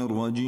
الرجيم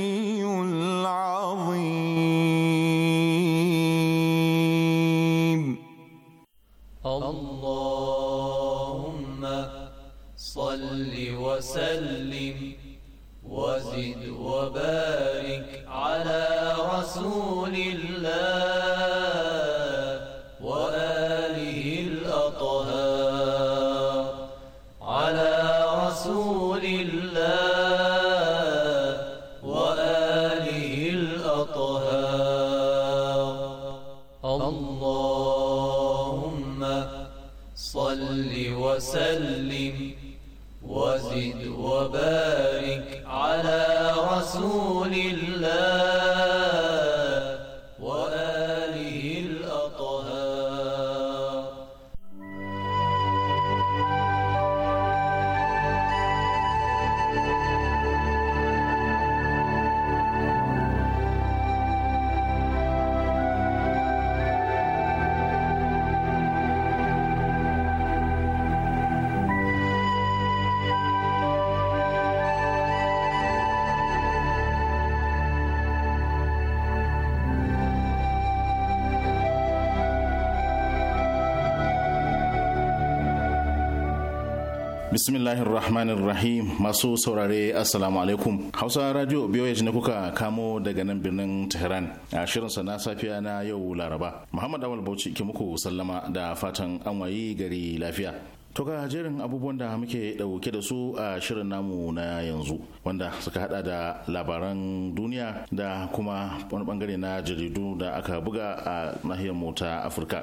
الله bismillahir rahmanir rahim masu saurare assalamu alaikum hausa radio biyoyi ne kuka kamo daga nan birnin tehran a shirinsa na safiya na yau laraba muhammad awal bauchi ke muku sallama da fatan an wayi gari lafiya To ga jerin abubuwan da muke dauke da su a shirin namu na yanzu wanda suka hada da labaran duniya da kuma wani bangare na jaridu da aka buga a nahiyar mu ta Afirka.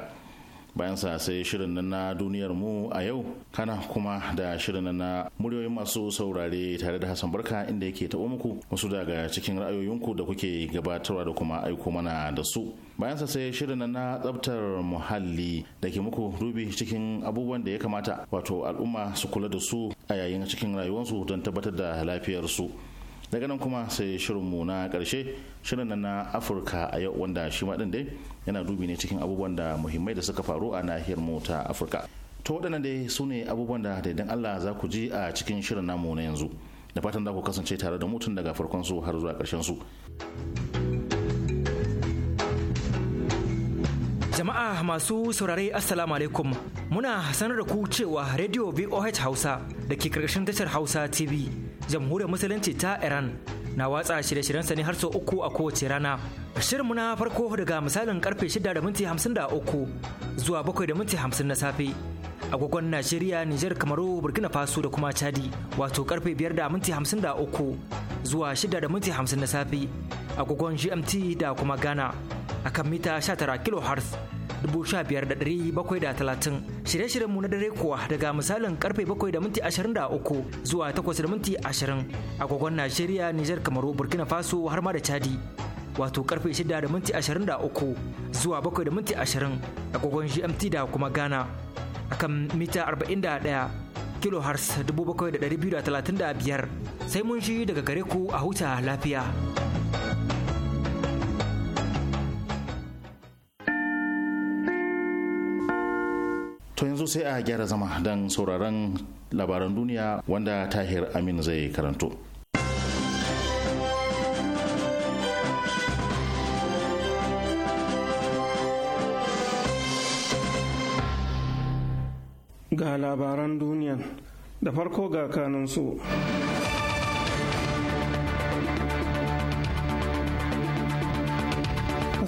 bayan sa sai shirin nan na duniyar mu a yau kana kuma da shirin nan na muryoyin masu saurare tare da Hassan Barka inda yake taɓo muku wasu daga cikin ra'ayoyinku da kuke gabatarwa da kuma aiko mana da su bayan sa sai shirin nan na tsabtar muhalli da ke muku dubi cikin abubuwan da ya kamata wato al'umma su kula da su a yayin cikin rayuwarsu don tabbatar da lafiyarsu daga nan kuma sai shirinmu na karshe shirin na afirka a yau wanda shi ma dai yana dubi ne cikin abubuwan da muhimmai da suka faru a nahiyar mu ta afirka to waɗannan dai su ne abubuwan da daidan allah za ku ji a cikin shirin namu na yanzu da fatan za ku kasance tare da mutum daga farkon su har zuwa ƙarshen su. Jama'a masu saurare Assalamu alaikum muna sanar da ku cewa Radio VOH Hausa da ke karkashin tashar Hausa TV jamhuriyar musulunci ta Iran na watsa shirye-shiryen Sani har sau uku a kowace rana. Shirinmu na farko daga misalin karfe shida da zuwa bakwai na safe. Agogon Najeriya, Nijar, Kamaru, Burkina Faso da kuma Chadi wato karfe biyar da minti hamsin da zuwa shida na safe. Agogon GMT da kuma Ghana akan mita 19 kHz talatin, shirye-shiryen mu na dare kuwa daga misalin karfe bakwai da minti ashirin da uku zuwa takwas da minti ashirin agogon Najeriya, Nijar, Kamaru, Burkina Faso har ma da Chadi. Wato karfe shida da minti ashirin da uku zuwa bakwai da minti ashirin agogon GMT da kuma Ghana. Akan mita arba'in da talatin kilohertz biyar. sai mun shi daga gare ku a huta lafiya. to yanzu sai a gyara zama don sauraron labaran duniya wanda tahir amin zai karanto ga labaran duniya da farko ga kanunsu.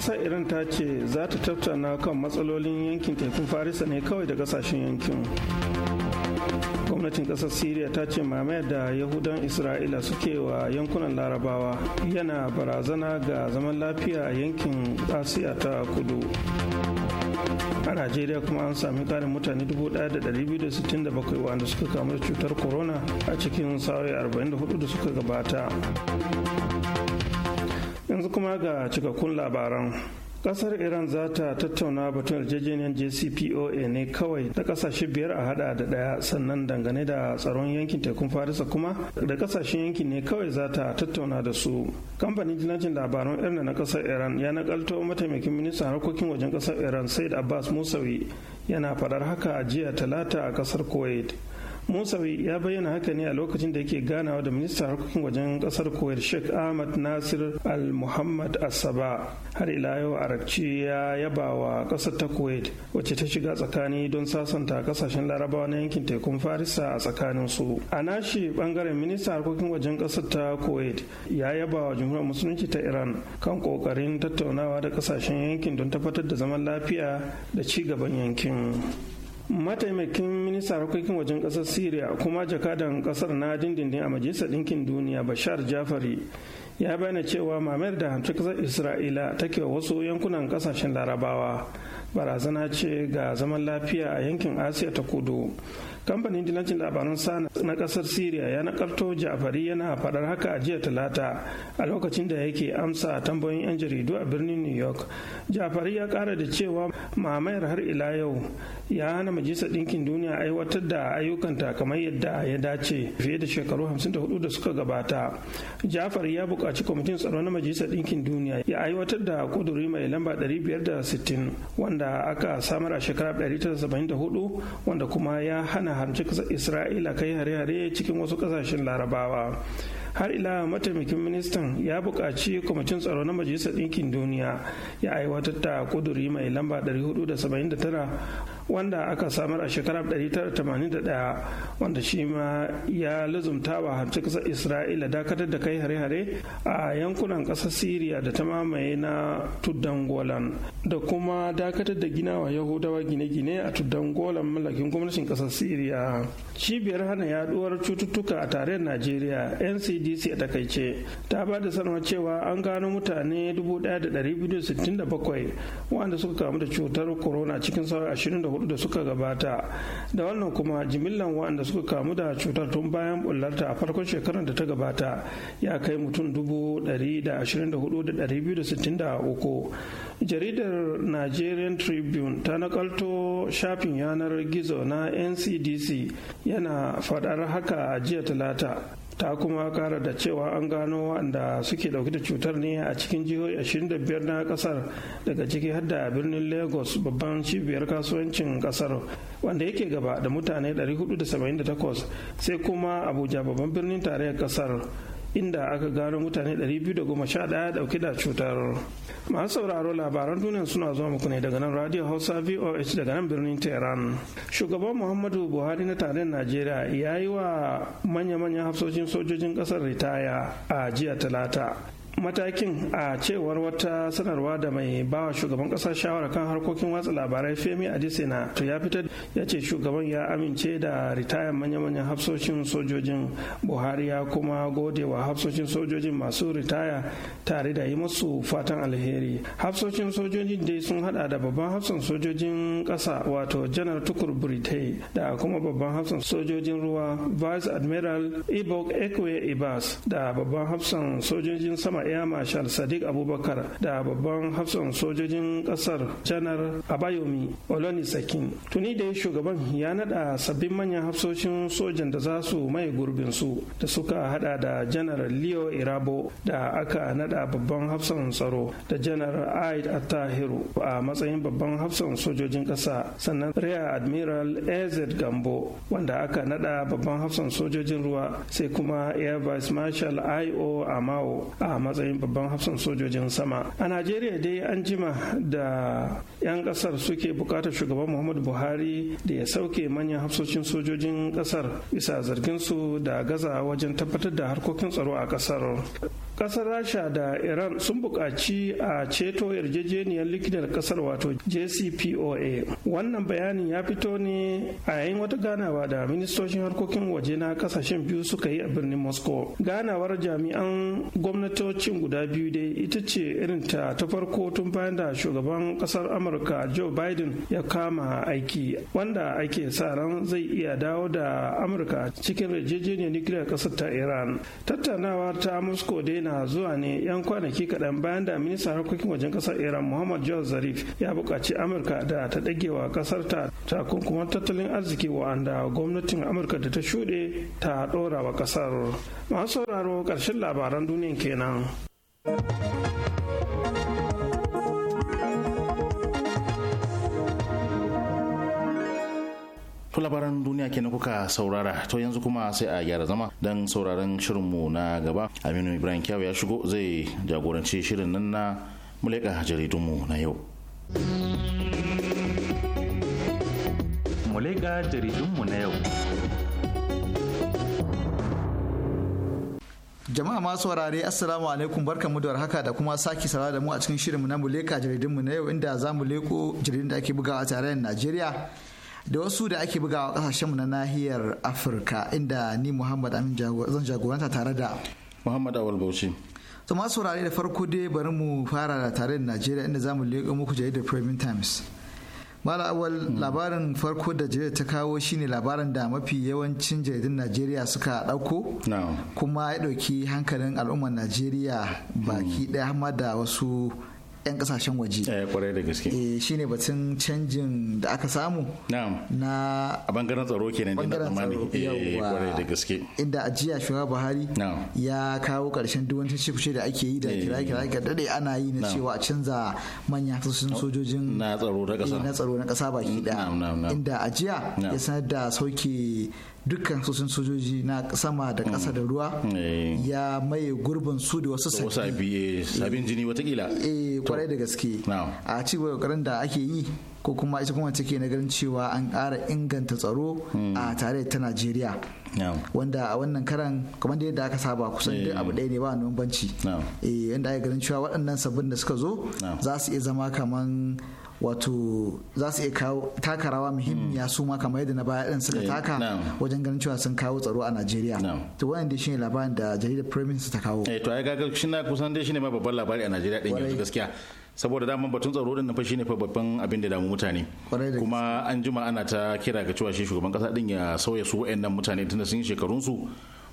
ƙasar iran ta ce za ta tattauna kan matsalolin yankin tekun farisa ne kawai da kasashen yankin gwamnatin kasar syria ta ce mamayar da yahudan isra'ila suke wa yankunan larabawa yana barazana ga zaman lafiya a yankin asiya ta kudu a najeriya kuma an sami karin mutane 1,267 wanda suka kamu da cutar corona a cikin sa'o'i 44 da suka gabata kuma ga cikakkun labaran kasar iran za ta tattauna batun yarjejeniyar jcpoa ne kawai ta kasashe biyar a hada da daya sannan dangane da tsaron yankin tekun farisa kuma da kasashen yankin ne kawai za ta tattauna da su kamfanin jinajin labaran irin na kasar iran ya nakalto mataimakin ministan harkokin wajen kasar iran said abbas musawi yana faɗar haka a jiya talata a kasar kuwait musawi ya bayyana haka ne a lokacin da yake ganawa da ministan harkokin wajen kasar kuwait sheikh ahmad nasir al muhammad asaba har ila yau arakci ya yaba wa kasar ta kuwait wacce ta shiga tsakani don sasanta kasashen larabawa na yankin tekun farisa a tsakanin su a nashi bangaren ministan harkokin wajen kasar ta kuwait ya yaba wa jumhuriyar musulunci ta iran kan kokarin tattaunawa da kasashen yankin don tabbatar da zaman lafiya da ci gaban yankin mataimakin ministan harkokin wajen kasar syria kuma jakadan kasar na dindindin a majalisar ɗinkin duniya bashar jafari ya bayyana cewa mamayar da hantar kasar isra'ila take wasu yankunan kasashen larabawa barazana ce ga zaman lafiya a yankin asiya ta kudu kamfanin dinacin labaran sana na kasar syria ya nakarto jafari yana faɗar haka a jiya talata a lokacin da yake amsa tambayoyin 'yan jaridu a birnin new york jafari ya kara da cewa mamayar har ila yau ya hana majalisar ɗinkin duniya aiwatar da ayyukanta kamar yadda ya dace fiye da shekaru 54 da suka gabata jafari ya buƙaci kwamitin tsaro na majalisar ɗinkin duniya ya aiwatar da kuduri mai lamba 560 wanda wanda aka samar a shekara 1974 wanda kuma ya hana harci isra'ila kai hare-hare cikin wasu kasashen larabawa har ila mataimakin ministan ya buƙaci kwamitin tsaro na majalisar ɗinkin duniya ya aiwatar da kuduri mai lamba 479 wanda aka samar a shekarar 1981 wanda shi ma ya lazumta wa hamci kasar isra'ila dakatar da kai hare-hare a yankunan kasar siriya da ta mamaye na tuddan golan da kuma dakatar da ginawa yahudawa gine-gine a tuddan golan mallakin gwamnatin kasar siriya cibiyar hana yaduwar cututtuka a tarayyar najeriya ncdc a takaice ta ba da sanarwa cewa an gano mutane 1267 wanda suka kamu da cutar corona cikin sauran hudu da suka gabata da wannan kuma jimillan waɗanda suka kamu da cutar tun bayan bullarta a farkon shekarar da ta gabata ya kai mutum dubu ɗari da ashirin da hudu da ɗari biyu da sittin da uku jaridar nigerian tribune ta nakalto shafin yanar gizo na ncdc yana faɗar haka a jiya talata ta kuma kara da cewa an gano wanda suke ɗauke da cutar ne a cikin jihohi 25 na kasar daga ciki har da birnin lagos babban cibiyar kasuwancin kasar wanda yake gaba da mutane 478 sai kuma abuja babban birnin tarayyar kasar. inda aka gano mutane 211 dauke da cutar masu sauraro labaran duniya suna zuwa muku ne daga nan radio hausa voh daga nan birnin tehran shugaban muhammadu buhari na taron najeriya ya yi wa manya-manyan hafsoshin sojojin kasar ritaya a jiya talata matakin a cewar wata sanarwa da mai bawa shugaban kasa shawara kan harkokin watsa labarai femi adesina to ya fitar ya ce shugaban ya amince da ritayan manya-manyan hafsoshin sojojin buhari ya kuma gode wa hafsoshin sojojin masu ritaya tare da yi masu fatan alheri hafsoshin sojojin dai sun hada da babban hafsan sojojin kasa wato janar tukur britai da kuma babban hafsan sojojin ruwa vice admiral ibok ekwe ibas da babban hafsan sojojin sama kuma air marshal sadiq abubakar da babban hafsan sojojin kasar janar abayomi olonisakin tuni da shugaban ya nada sabbin manyan hafsoshin sojan da za su mai gurbin su da suka hada da janar leo irabo da aka nada babban hafsan tsaro da janar aid attahiru a matsayin babban hafsan sojojin kasa sannan rear admiral az gambo wanda aka nada babban hafsan sojojin ruwa sai kuma air vice marshal io amao a matsayin babban hafsan sojojin sama a najeriya dai an jima da 'yan kasar suke bukatar shugaban muhammadu buhari da ya sauke manyan hafsoshin sojojin kasar bisa zargin su da gaza wajen tabbatar da harkokin tsaro a kasar kasar rasha da iran sun buƙaci a ceto yarjejeniyar likitar kasar wato jcpoa wannan bayanin ya fito ne a yayin wata ganawa da ministocin harkokin waje na kasashen biyu suka yi a birnin moscow ganawar jami'an gwamnatocin guda biyu dai ita ce irin ta ta farko tun bayan da shugaban kasar amurka joe biden ya kama aiki wanda ake sa ran zai iya dawo da amurka cikin yarjejeniyar likitar kasar ta iran tattaunawa ta moscow dai na zuwa ne 'yan kwanaki kaɗan bayan da ministan harkokin wajen ƙasar iran muhammad jawar zarif ya buƙaci amurka da ta wa ƙasar ta takunkuman tattalin arziki wa'anda gwamnatin amurka da ta shuɗe ta ɗora wa ƙasar masu sauraro ƙarshen labaran duniya kenan labaran duniya kenan kuka saurara to yanzu kuma sai a gyara zama don sauraron shirinmu na gaba Aminu Ibrahim kyau ya shigo zai jagoranci shirin nan na muleka jaridunmu na yau. Jama'a masu warare Assalamu alaikum barkanmu da warhaka da kuma sake sara da mu a cikin shirinmu na muleka jaridunmu na yau inda za mu leko jaridun da ake bugawa a tarayyar Najeriya. da wasu da ake bugawa kasashenmu na nahiyar afirka inda ni muhammad amin zan jagoranta tare da muhammad awal bauchi to masu saurare da farko dai bari mu fara da tare da najeriya inda zamu leƙo muku jaridar premium times mala awal hmm. labarin farko da jaridar ta kawo shine labarin da mafi yawancin jaridun najeriya suka dauko kuma ya dauki hankalin al'ummar najeriya baki hmm. ɗaya har da wasu 'yan kasashen waje. Eh kwarai da gaske. Eh shine batun canjin da aka samu. Na'am. Na a bangaren tsaro kenan da tsammani. Eh kwarai da gaske. Inda ajiya shugaba Buhari ya kawo karshen duk wani shifshe da ake yi da eh. kira-kira ka dade ana yi na cewa a canza manya sun sojojin na tsaro na kasa. Eh, na tsaro na kasa baki daya. Inda ajiya ya sanar da sauke dukkan sojoji na sama da ƙasa da ruwa eh. ya maye gurbin su da wasu sabin eh, jini watakila eh kwarai da gaske a cibiyar kokarin da ake yi ko kuma ita kuma take na ganin cewa an ƙara inganta tsaro hmm. a tare ta najeriya wanda a wannan karan kamar da yadda aka saba kusan duk abu eh. ɗaya ne ba wani bambanci eh yanda ake ganin cewa waɗannan sabbin da suka zo za su iya zama kaman wato za su iya kawo taka rawa muhimmiya hmm. su ma kamar yadda na baya ɗin suka eh, taka wajen ganin cewa sun kawo tsaro a Najeriya to wannan dai shine labarin da jaridar Premier ta kawo eh to ai ga shi na kusan dai shine ma babban labari a Najeriya ɗin yanzu gaskiya saboda dama batun tsaro din fa shine fa babban abin da damu mutane kuma an juma ana ta kira ga cewa shi shugaban kasa din ya sauya su wayannan mutane tunda sun yi shekarun su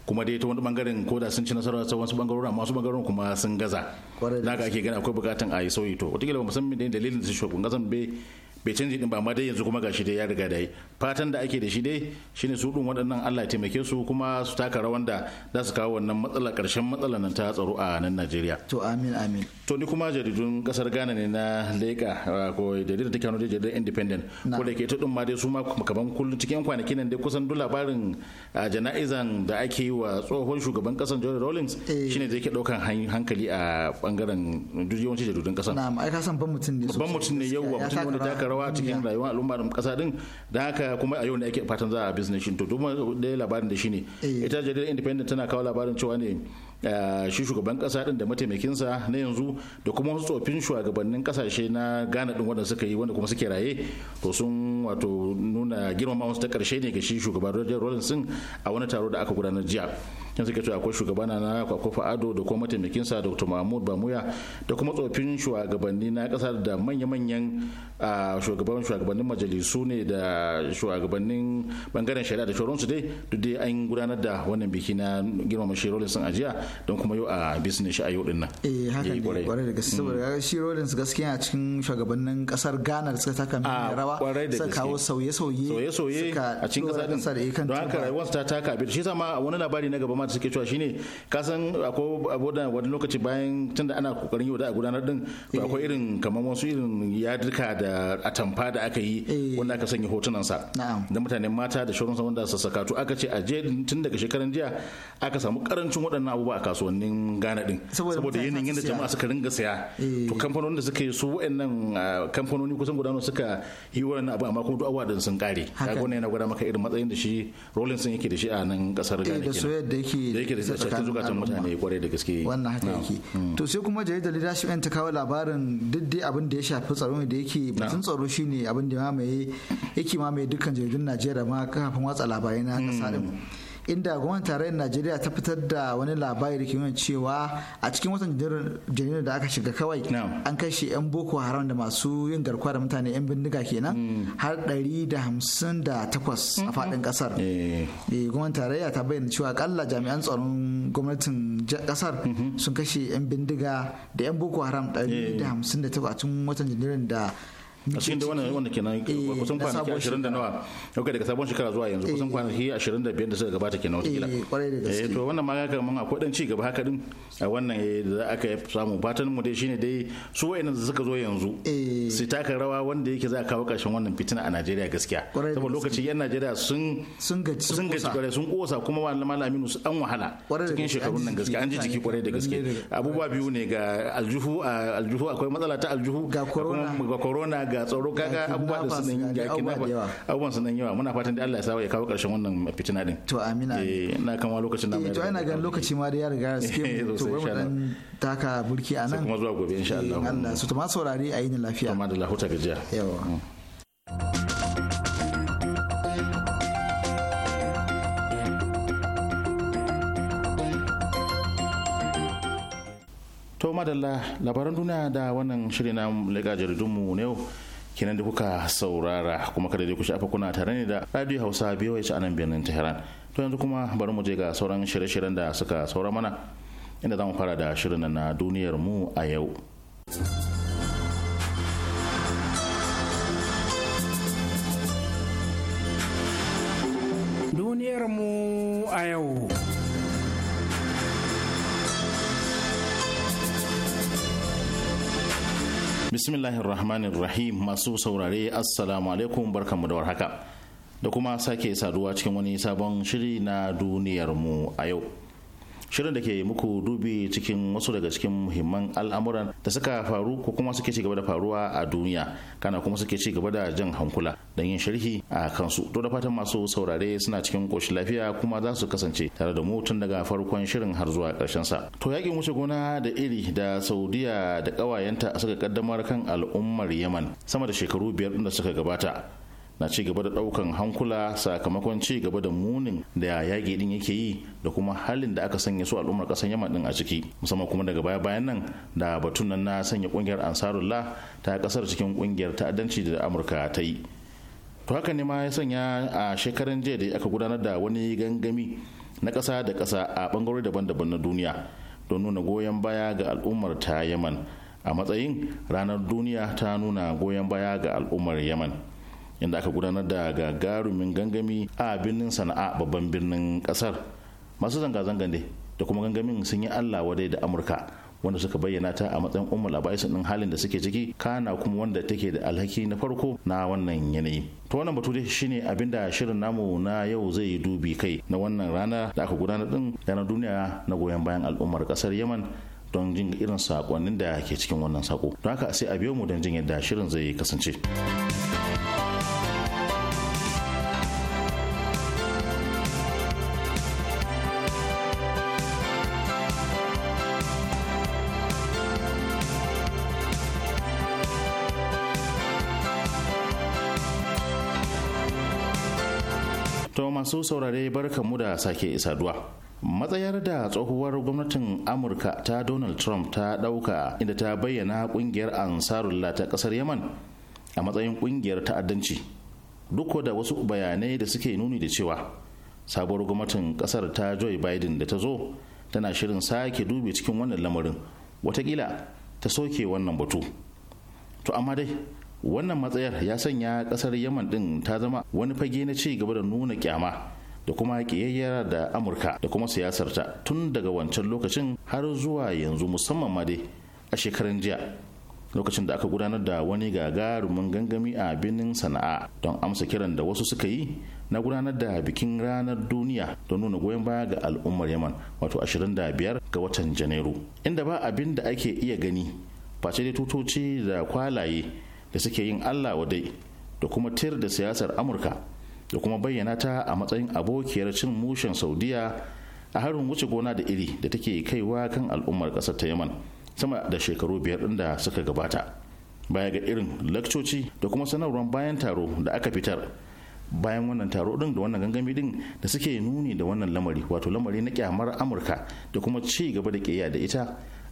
kuma dai ta wani bangaren ko da sun ci nasara ta wasu bangarorin amma wasu bangarorin kuma sun gaza da ake gani akwai bukatan a yi sauyi to wataƙila ba musamman da dalilin da shugaban kasa bai bai canji din ba amma dai yanzu kuma gashi dai ya riga da yi fatan da ake da shi dai shine su din waɗannan Allah ya taimake su kuma su taka rawan da za su kawo wannan matsala ƙarshen matsalar nan ta tsaro a nan Najeriya to amin amin to ni kuma jaridun kasar Ghana ne na Leka ko jaridar take hannu da jaridar Independent ko da ke ta din ma dai su ma kaman kullun cikin kwanakin nan dai kusan duk labarin jana'izan da ake yi wa tsohon shugaban kasar John Rawlings eh. shine da yake daukan hankali a bangaren duk yawancin jaridun kasar na'am ai ka san ban mutum ne ban mutum ne yau mutum wanda rawa a cikin rayuwar da kasa din da haka kuma a yau ne ake fatan za a business shi to duk da labarin da shi ne eh. ita jaridar independent tana kawo labarin cewa ne eh, shi shugaban kasa din da mataimakinsa na yanzu da kuma wasu tsofin shugabannin kasashe na Ghana din wanda suka yi wanda kuma suke raye to sun wato nuna girmama wasu ta karshe ne ga shi shugaban Roger Rawlinson a wani taro da aka gudanar jiya yanzu ce akwai shugabana na kwakwafa ado da kuma mataimakinsa dr mahmud bamuya da kuma tsofin shugabanni na kasar da manya-manyan shugaban shugabannin majalisu ne da shugabannin bangaren shari'a da shauransu dai duk dai an gudanar da wannan biki na girmama shi rollins sun ajiya don kuma yau a business shi a yau din nan eh haka eh, ne kwarai da gaske saboda mm. shi rollins gaskiya a cikin shugabannin kasar ghana da suka taka min ah, rawa suka kawo sauye-sauye sauye-sauye a cikin kasar din eh, don haka rayuwarsa ta taka abin shi sama wani labari na gaba ma da suke cewa shine ka san akwai abodan wani lokaci bayan tunda ana kokarin yau da a gudanar din eh. akwai irin kamar wasu irin yadirka da atamfa da aka yi eh. wanda aka sanya hotunan sa da mutane mata da shirin wanda su saka to aka ce a je tun daga shekaran jiya aka samu karancin waɗannan abubuwa a kasuwannin Ghana din saboda yanayin yadda jama'a suka ringa saya eh. to kamfanonin da suka yi su waɗannan kamfanoni kusan gudanar suka yi wannan abu amma kuma duk abubuwa sun kare kaga wannan yana gwada maka irin matsayin da shi sun yake da shi a nan kasar Ghana da soyayya da yake yake da yake da tsakanin zukatan mutane kwarai da gaske wannan haka yake mm. to sai kuma jaridar leadership ta kawo labarin diddi abin da ya shafi tsaro da yake batun tsaro shine abin da mamaye yake mamaye dukkan jaridun Najeriya ma kafin watsa labarai na kasa mm. din inda gwamnatin tarayyar najeriya ta fitar da wani labari da ke nuna cewa a cikin watan janairu da aka shiga kawai an kashe 'yan boko haram da masu yin garkuwa da mutane 'yan bindiga kenan mm. har 158 a faɗin ƙasar eh. Eh, gwamnatin tarayya ta bayyana cewa ƙalla jami'an tsaron gwamnatin ƙasar mm-hmm. sun kashe 'yan bindiga da 'yan boko haram 158 eh. a cikin watan janairu da a cikin duk wannan wanda kenan eh, kusan kwanaki ashirin da nawa okay daga sabon shekara zuwa yanzu kusan eh. kwanaki ashirin da biyar da suka gabata kenan wata kila eh, eh to wannan ma ya kaman akwai dan ci gaba haka din a wannan da za aka samu batun mu dai shine dai su wayannan da suka zo yanzu su taka rawa wanda yake za a kawo karshen wannan fitina a Najeriya gaskiya saboda lokaci yan Najeriya sun sun gaci sun gaji kwarai sun kosa kuma malama malamin su an wahala cikin shekarun nan gaskiya an ji jiki kwarai da gaske abubuwa biyu ne ga aljuhu aljuhu akwai matsala ta aljuhu ga corona ga ga tsaro kaga da sunan abubuwan sunan yawa muna fatan da Allah ya sawa ya kawo karshen wannan fitina din to amina eh, na kan wa lokacin nan eh, to ina gan lokaci ma da ya riga suke eh, to bai mu dan taka burki a nan kuma zuwa gobe insha Allah Allah su to ma saurare a yi lafiya amma da lahuta gajiya yawa mm. To madalla labaran duniya da wannan shirin na leƙa jaridunmu na yau kenan da kuka saurara kuma kada dai ku shafa kuna tare ne da radio hausa biyu a anan birnin tehran to yanzu kuma bari mu je ga sauran shirye-shiryen da suka saura mana inda zamu fara da shirin na duniyar mu a yau duniyar mu a yau bismillahir rahmanir rahim masu saurare assalamu alaikum barkanmu da warhaka da kuma sake saduwa cikin wani sabon shiri na duniyarmu a yau shirin da ke muku dubi cikin wasu daga cikin muhimman al'amuran da suka faru ko kuma suke cigaba da faruwa a duniya kana kuma suke ci gaba da jan hankula don yin sharhi a kansu to da fatan masu saurare suna cikin koshin lafiya kuma za su kasance tare da mu tun daga farkon shirin har zuwa karshen sa to yakin wuce gona da iri da saudiya da kawayenta suka kaddamar kan al'ummar yaman sama da shekaru biyar da suka gabata na ci gaba da daukan hankula sakamakon ci gaba da munin da yaƙi din yake yi da kuma halin da aka sanya su al'ummar ƙasar yaman din a ciki musamman kuma daga baya bayan nan da batun nan na sanya kungiyar ansarullah ta kasar cikin kungiyar ta'addanci da amurka ta yi to haka ne ma ya sanya a shekaran jiya da aka gudanar da wani gangami na ƙasa da kasa a bangarori daban-daban na duniya don nuna goyon baya ga al'ummar ta yaman a matsayin ranar duniya ta nuna goyon baya ga al'ummar yaman inda aka gudanar da gagarumin gangami a birnin sana'a babban birnin kasar masu zanga-zanga ne da kuma gangamin sun yi allah wadai da amurka wanda suka bayyana ta a matsayin umar abaisin din halin da suke ciki kana kuma wanda take da alhaki na farko na wannan yanayi ta wannan batu dai shine abinda shirin namu na yau zai dubi kai na wannan rana da aka gudanar din ranar duniya na goyon bayan al'ummar kasar yaman don jin irin sakonnin da ke cikin wannan sako don haka sai a biyo mu don jin yadda shirin zai kasance. masu saurare mu da sake saduwa. matsayar da tsohuwar gwamnatin amurka ta donald trump ta dauka inda ta bayyana kungiyar ansarullah ta kasar yaman a matsayin kungiyar ta'addanci duk da wasu bayanai da suke nuni da cewa sabuwar gwamnatin kasar ta joe biden da ta zo tana shirin sake dubi cikin wannan lamarin watakila ta soke wannan batu to amma dai wannan matsayar ya sanya kasar yaman din ta zama wani fage na ci gaba da nuna kyama da kuma kiyayyara da amurka da kuma siyasarta tun daga wancan lokacin har zuwa yanzu musamman ma dai a shekaran jiya lokacin da aka gudanar da wani gagarumin gangami a birnin sana'a don amsa kiran da wasu suka yi na gudanar da bikin ranar duniya don nuna goyon baya ga al'ummar yaman wato 25 ga watan janairu inda ba abin da ake iya gani face dai tutoci da kwalaye da suke yin allah wadai da kuma tir da siyasar amurka da kuma bayyana ta a matsayin abokiyar cin mushen saudiya a harin wuce gona da iri da take kaiwa kan al'ummar ƙasar ta yaman sama da shekaru biyar ɗin da suka gabata baya ga irin lakcoci da kuma sanarwar bayan taro da aka fitar bayan wannan taro din da wannan gangami din da suke nuni da wannan lamari wato lamari na kyamar amurka da kuma ci gaba da ƙiyya da ita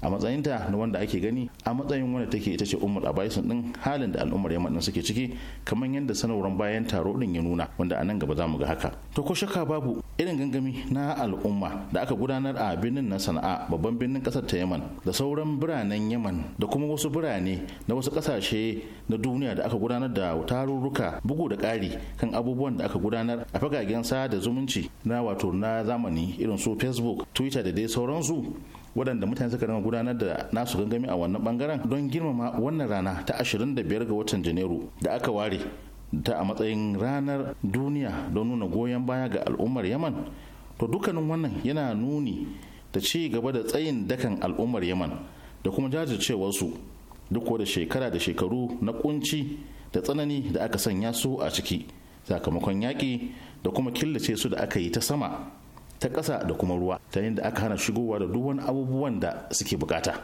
a matsayinta na wanda ake gani a matsayin wanda take ita ce umar abaisun din halin da al'ummar yamma din suke ciki kamar yadda sanarwar bayan taro din ya nuna wanda a nan gaba za mu ga haka to ko shakka babu irin gangami na al'umma da aka gudanar a birnin na sana'a babban birnin kasar ta yaman da sauran biranen yaman da kuma wasu birane na wasu kasashe na duniya da aka gudanar da tarurruka bugu da ƙari kan abubuwan da aka gudanar a fagagen sada zumunci na wato na zamani irin su facebook twitter da dai sauransu waɗanda mutane suka rama gudanar da nasu gangami a wannan bangaren don girmama wannan rana ta 25 ga watan janairu da aka ware ta a matsayin ranar duniya don nuna goyon baya ga al'ummar yaman to dukkanin wannan yana nuni da ci gaba da tsayin dakan al'ummar yaman da kuma jajircewarsu duk da shekara da shekaru na kunci da tsanani da aka sanya su a ciki sakamakon yaƙi da kuma killace su da aka yi ta sama ta ƙasa da kuma ruwa ta yadda aka hana shigowa da duk wani abubuwan da suke bukata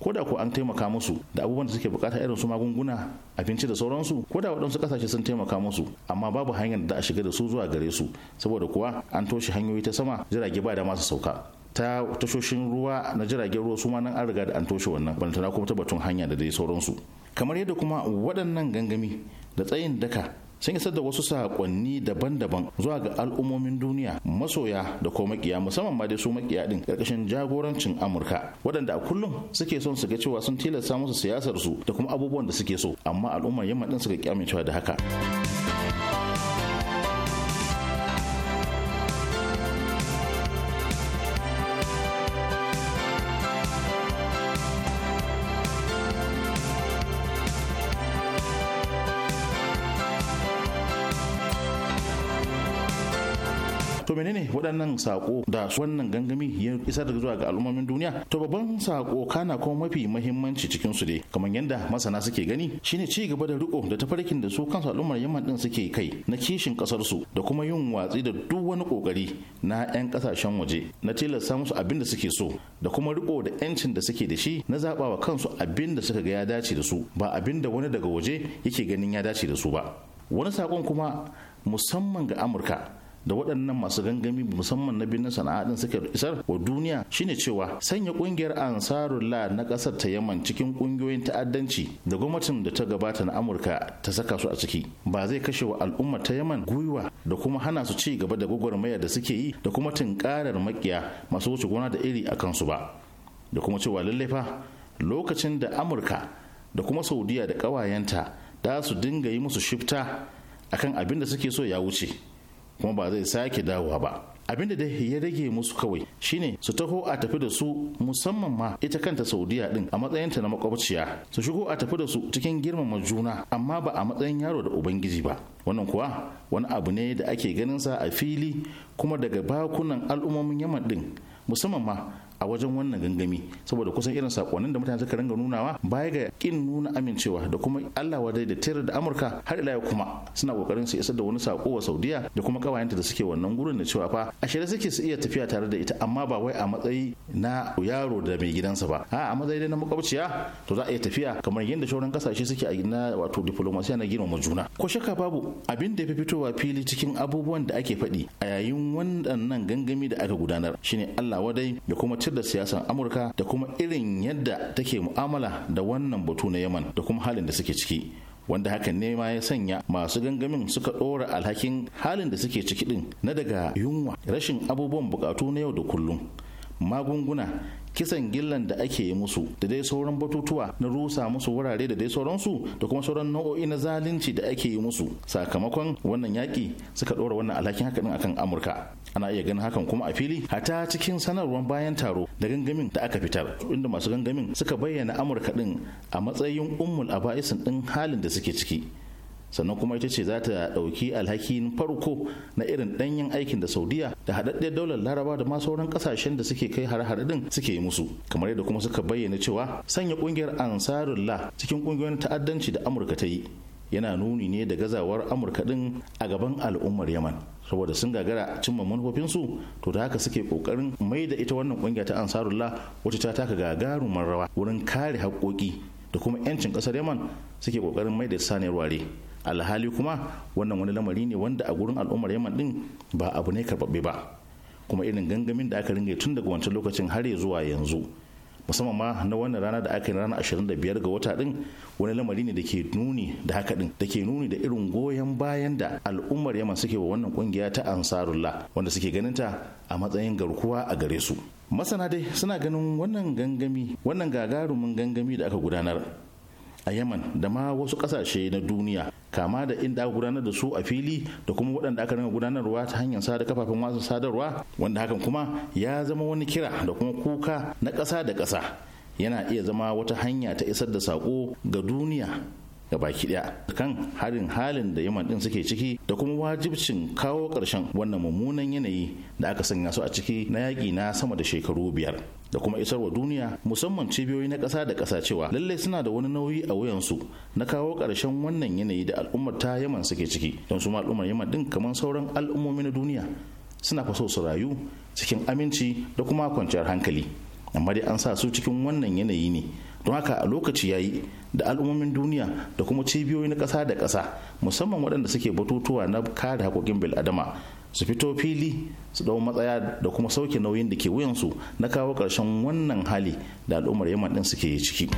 ko da ko an taimaka musu da abubuwan da suke bukata irin su magunguna abinci da sauransu ko da waɗansu ƙasashe sun taimaka musu amma babu hanyar da a shiga da su zuwa gare su saboda kuwa an toshe hanyoyi ta sama jirage ba da masu sauka ta tashoshin ruwa na jiragen ruwa su ma nan an riga da an toshe wannan bantana kuma ta batun hanya da dai sauransu kamar yadda kuma waɗannan gangami da tsayin daka sun isar da wasu sakonni daban-daban zuwa ga al'ummomin duniya masoya da kuma makiya musamman ma dai su makiya din ƙarƙashin jagorancin amurka waɗanda a kullum suke son su ga cewa sun tilasta musu siyasar su da kuma abubuwan da suke so amma al'ummar yamma din suka ƙi amincewa da haka. menene waɗannan sako da wannan gangami ya isar zuwa ga al'ummomin duniya to babban sako kana kuma mafi mahimmanci cikin su dai kamar yadda masana suke gani shine ci gaba da riko da tafarkin da su kansu al'ummar Yaman din suke kai na kishin kasar su da kuma yin watsi da duk wani kokari na 'yan kasashen waje na tilasta musu abin da suke so da kuma riko da 'yancin da suke da shi na zabawa kansu abin da suka ga ya dace da su ba abin da wani daga waje yake ganin ya dace da su ba wani sakon kuma musamman ga amurka da waɗannan masu gangami musamman na birnin sana'a din suka isar wa duniya shine cewa sanya ƙungiyar ansarullah na ƙasar ta yaman cikin ƙungiyoyin ta'addanci da gwamnatin da ta gabata na amurka ta saka su a ciki ba zai kashe wa al'ummar ta yaman gwiwa da kuma hana su ci gaba da gwagwarmaya da suke yi da kuma tunkarar makiya masu wuce gona da iri a kansu ba da kuma cewa lallai lokacin da amurka da kuma saudiya da ƙawayenta za su dinga yi musu shifta akan abin da suke so ya wuce kuma ba zai sake dawowa ba abin da ya rage musu kawai shine su taho a tafi da su musamman ma ita kanta saudiya din a matsayinta na makwabciya su shigo a tafi da su cikin girmama juna amma ba a matsayin yaro da ubangiji ba wannan kuwa wani abu ne da ake ganin sa a fili kuma daga bakunan al'ummomin yaman din musamman ma a wajen wannan gangami saboda kusan irin sakonnin da mutane suka ringa nunawa baya ga kin nuna amincewa da kuma Allah wadai da tayar da Amurka har ila kuma suna kokarin su isar da wani sako wa Saudiya da kuma kawayenta da suke wannan gurin da cewa fa a shirye suke su iya tafiya tare da ita amma ba wai a matsayi na yaro da mai gidansa ba a matsayi dai na makwabciya to za a iya tafiya kamar yadda shauran kasashe suke a na wato diplomasiya na mu juna ko shakka babu abin da ya fi fitowa fili cikin abubuwan da ake faɗi a yayin wannan gangami da aka gudanar shine Allah wadai da kuma aiwatar da siyasar amurka da kuma irin yadda take mu'amala da wannan batu na yaman da kuma halin da suke ciki wanda hakan ne ma ya sanya masu gangamin suka ɗora alhakin halin da suke ciki din na daga yunwa rashin abubuwan bukatu na yau da kullum magunguna kisan gillan da ake yi musu da dai sauran batutuwa na rusa musu wurare da dai sauransu da kuma sauran nau'o'i na zalunci da ake yi musu sakamakon wannan yaƙi suka ɗora wannan alhakin haka din akan amurka ana iya ganin hakan kuma a fili hata cikin sanarwar bayan taro da gangamin da aka fitar inda masu gangamin suka bayyana amurka din a matsayin ummul aba'isin din halin da suke ciki sannan kuma ita ce za ta ɗauki alhakin farko na irin ɗanyen aikin da saudiya da haɗaɗɗen daular laraba da ma sauran kasashen da suke kai har hare ɗin suke yi musu kamar yadda kuma suka bayyana cewa sanya kungiyar ansarullah cikin ƙungiyoyin ta'addanci da amurka ta yi yana nuni ne da gazawar amurka ɗin a gaban al'ummar yaman saboda sun gagara cimma manufofinsu to da haka suke kokarin mai da ita wannan kungiya ta ansarullah wacce ta taka gagarumar rawa wurin kare haƙoƙi da kuma 'yancin ƙasar yaman suke kokarin mai da saniyar ware alhali kuma wannan wani lamari ne wanda a gurin al'ummar yaman din ba abu ne karɓaɓɓe ba kuma irin gangamin da aka ringa tun daga wancan lokacin har zuwa yanzu musamman ma na wannan rana da aka yi ranar 25 ga wata din wani lamari ne da ke nuni da haka din da ke nuni da irin goyon bayan da al'ummar yaman suke wa wannan kungiya ta ansarullah wanda suke ganin ta a matsayin garkuwa a gare su masana dai suna ganin wannan gangami wannan gagarumin gangami da aka gudanar a yaman da ma wasu kasashe na duniya kama da inda aka gudanar da su a fili da kuma waɗanda aka rinka gudanarwa ta hanyar sada kafafen wasu sadarwa wanda hakan kuma ya zama wani kira da kuma kuka na ƙasa da ƙasa yana iya zama wata hanya ta isar da saƙo ga duniya ga baki daya kan harin halin da yaman din suke ciki da kuma wajibcin kawo ƙarshen wannan mummunan yanayi da aka sanya su a ciki na yaƙi na sama da shekaru biyar da kuma isarwa duniya musamman cibiyoyi na ƙasa da ƙasa cewa lallai suna da wani nauyi a wuyansu na kawo ƙarshen wannan yanayi da al'ummar ta yaman suke ciki don su ma al'ummar yaman din kamar sauran al'ummomi na duniya suna faso su rayu cikin aminci da kuma kwanciyar hankali amma dai an sa su cikin wannan yanayi ne don haka a lokaci yayi da al'ummomin duniya da kuma cibiyoyi na ƙasa da ƙasa musamman waɗanda suke batutuwa na kare haƙoƙin bil'adama su fito fili su ɗau matsaya da kuma sauke nauyin da ke wuyansu na kawo ƙarshen wannan hali da al'ummar yaman ɗin suke ciki.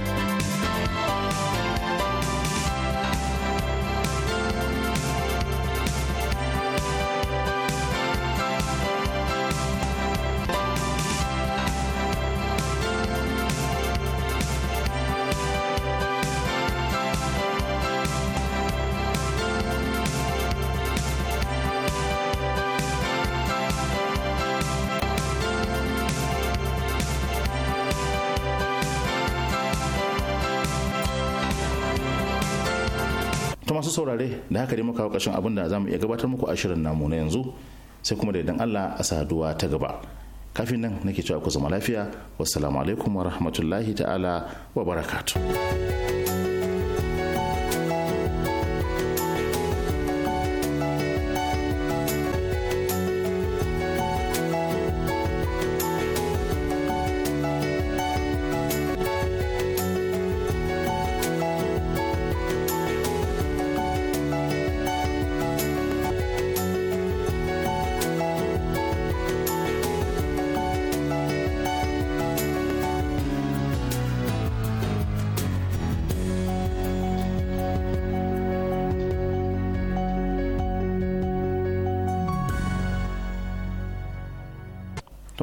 da haka dai muka kawo ƙarshen abin da za mu iya gabatar muku a shirin namu na yanzu sai kuma da idan Allah a saduwa ta gaba kafin nan nake cewa ku zama lafiya wassalamu alaikum wa rahmatullahi ta'ala wa barakatuh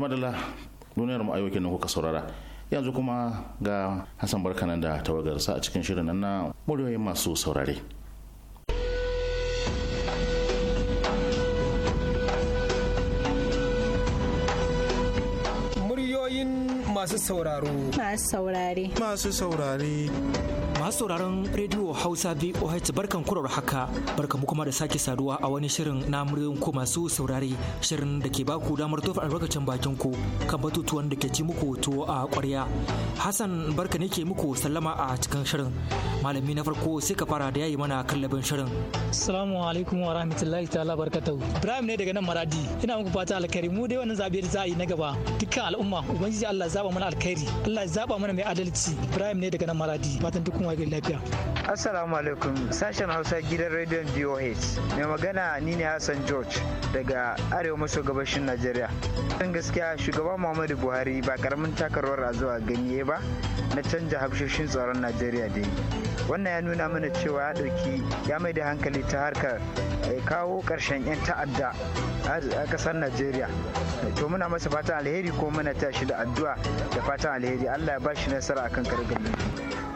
madalla duniyar mu ayyukan nan kuka saurara yanzu kuma ga hassan barka nan da tawagarsa a cikin shirin nan na muryoyin masu saurare muryoyin masu sauraro masu saurare masu saurare Masu sauraron Radio Hausa VOH barkan kurar haka barka kuma da sake saduwa a wani shirin na muryoyin ko masu saurare shirin da ke baku damar tofa albarkacin bakin ku kan batutuwan da ke ci muku tuwo a kwarya Hassan barka ne ke muku sallama a cikin shirin. Malami na farko sai ka fara da yayi mana kallabin shirin. Assalamu alaikum wa rahmatullahi ta'ala barkatau. Ibrahim ne daga nan Maradi. Ina muku fata alkhairi mu dai wannan zabe da za a yi na gaba dukkan al'umma ubangiji Allah zaba mana alkhairi. Allah zaba mana mai adalci. Ibrahim ne daga nan Maradi. Fatan dukkan wani lafiya. Assalamu alaikum sashen Hausa gidan rediyon BOH mai magana ni ne Hassan George daga arewa maso gabashin Najeriya. Kan gaskiya shugaban Muhammadu Buhari ba karamin takarwar a zuwa gani ba na canja hafshoshin tsaron Najeriya dai. Wannan ya nuna mana cewa ya ɗauki ya mai da hankali ta harkar eh, kawo ƙarshen 'yan ta'adda a ƙasar Najeriya. To muna masa fatan alheri ko muna tashi da addu'a da fatan alheri Allah ya bashi nasara akan kargar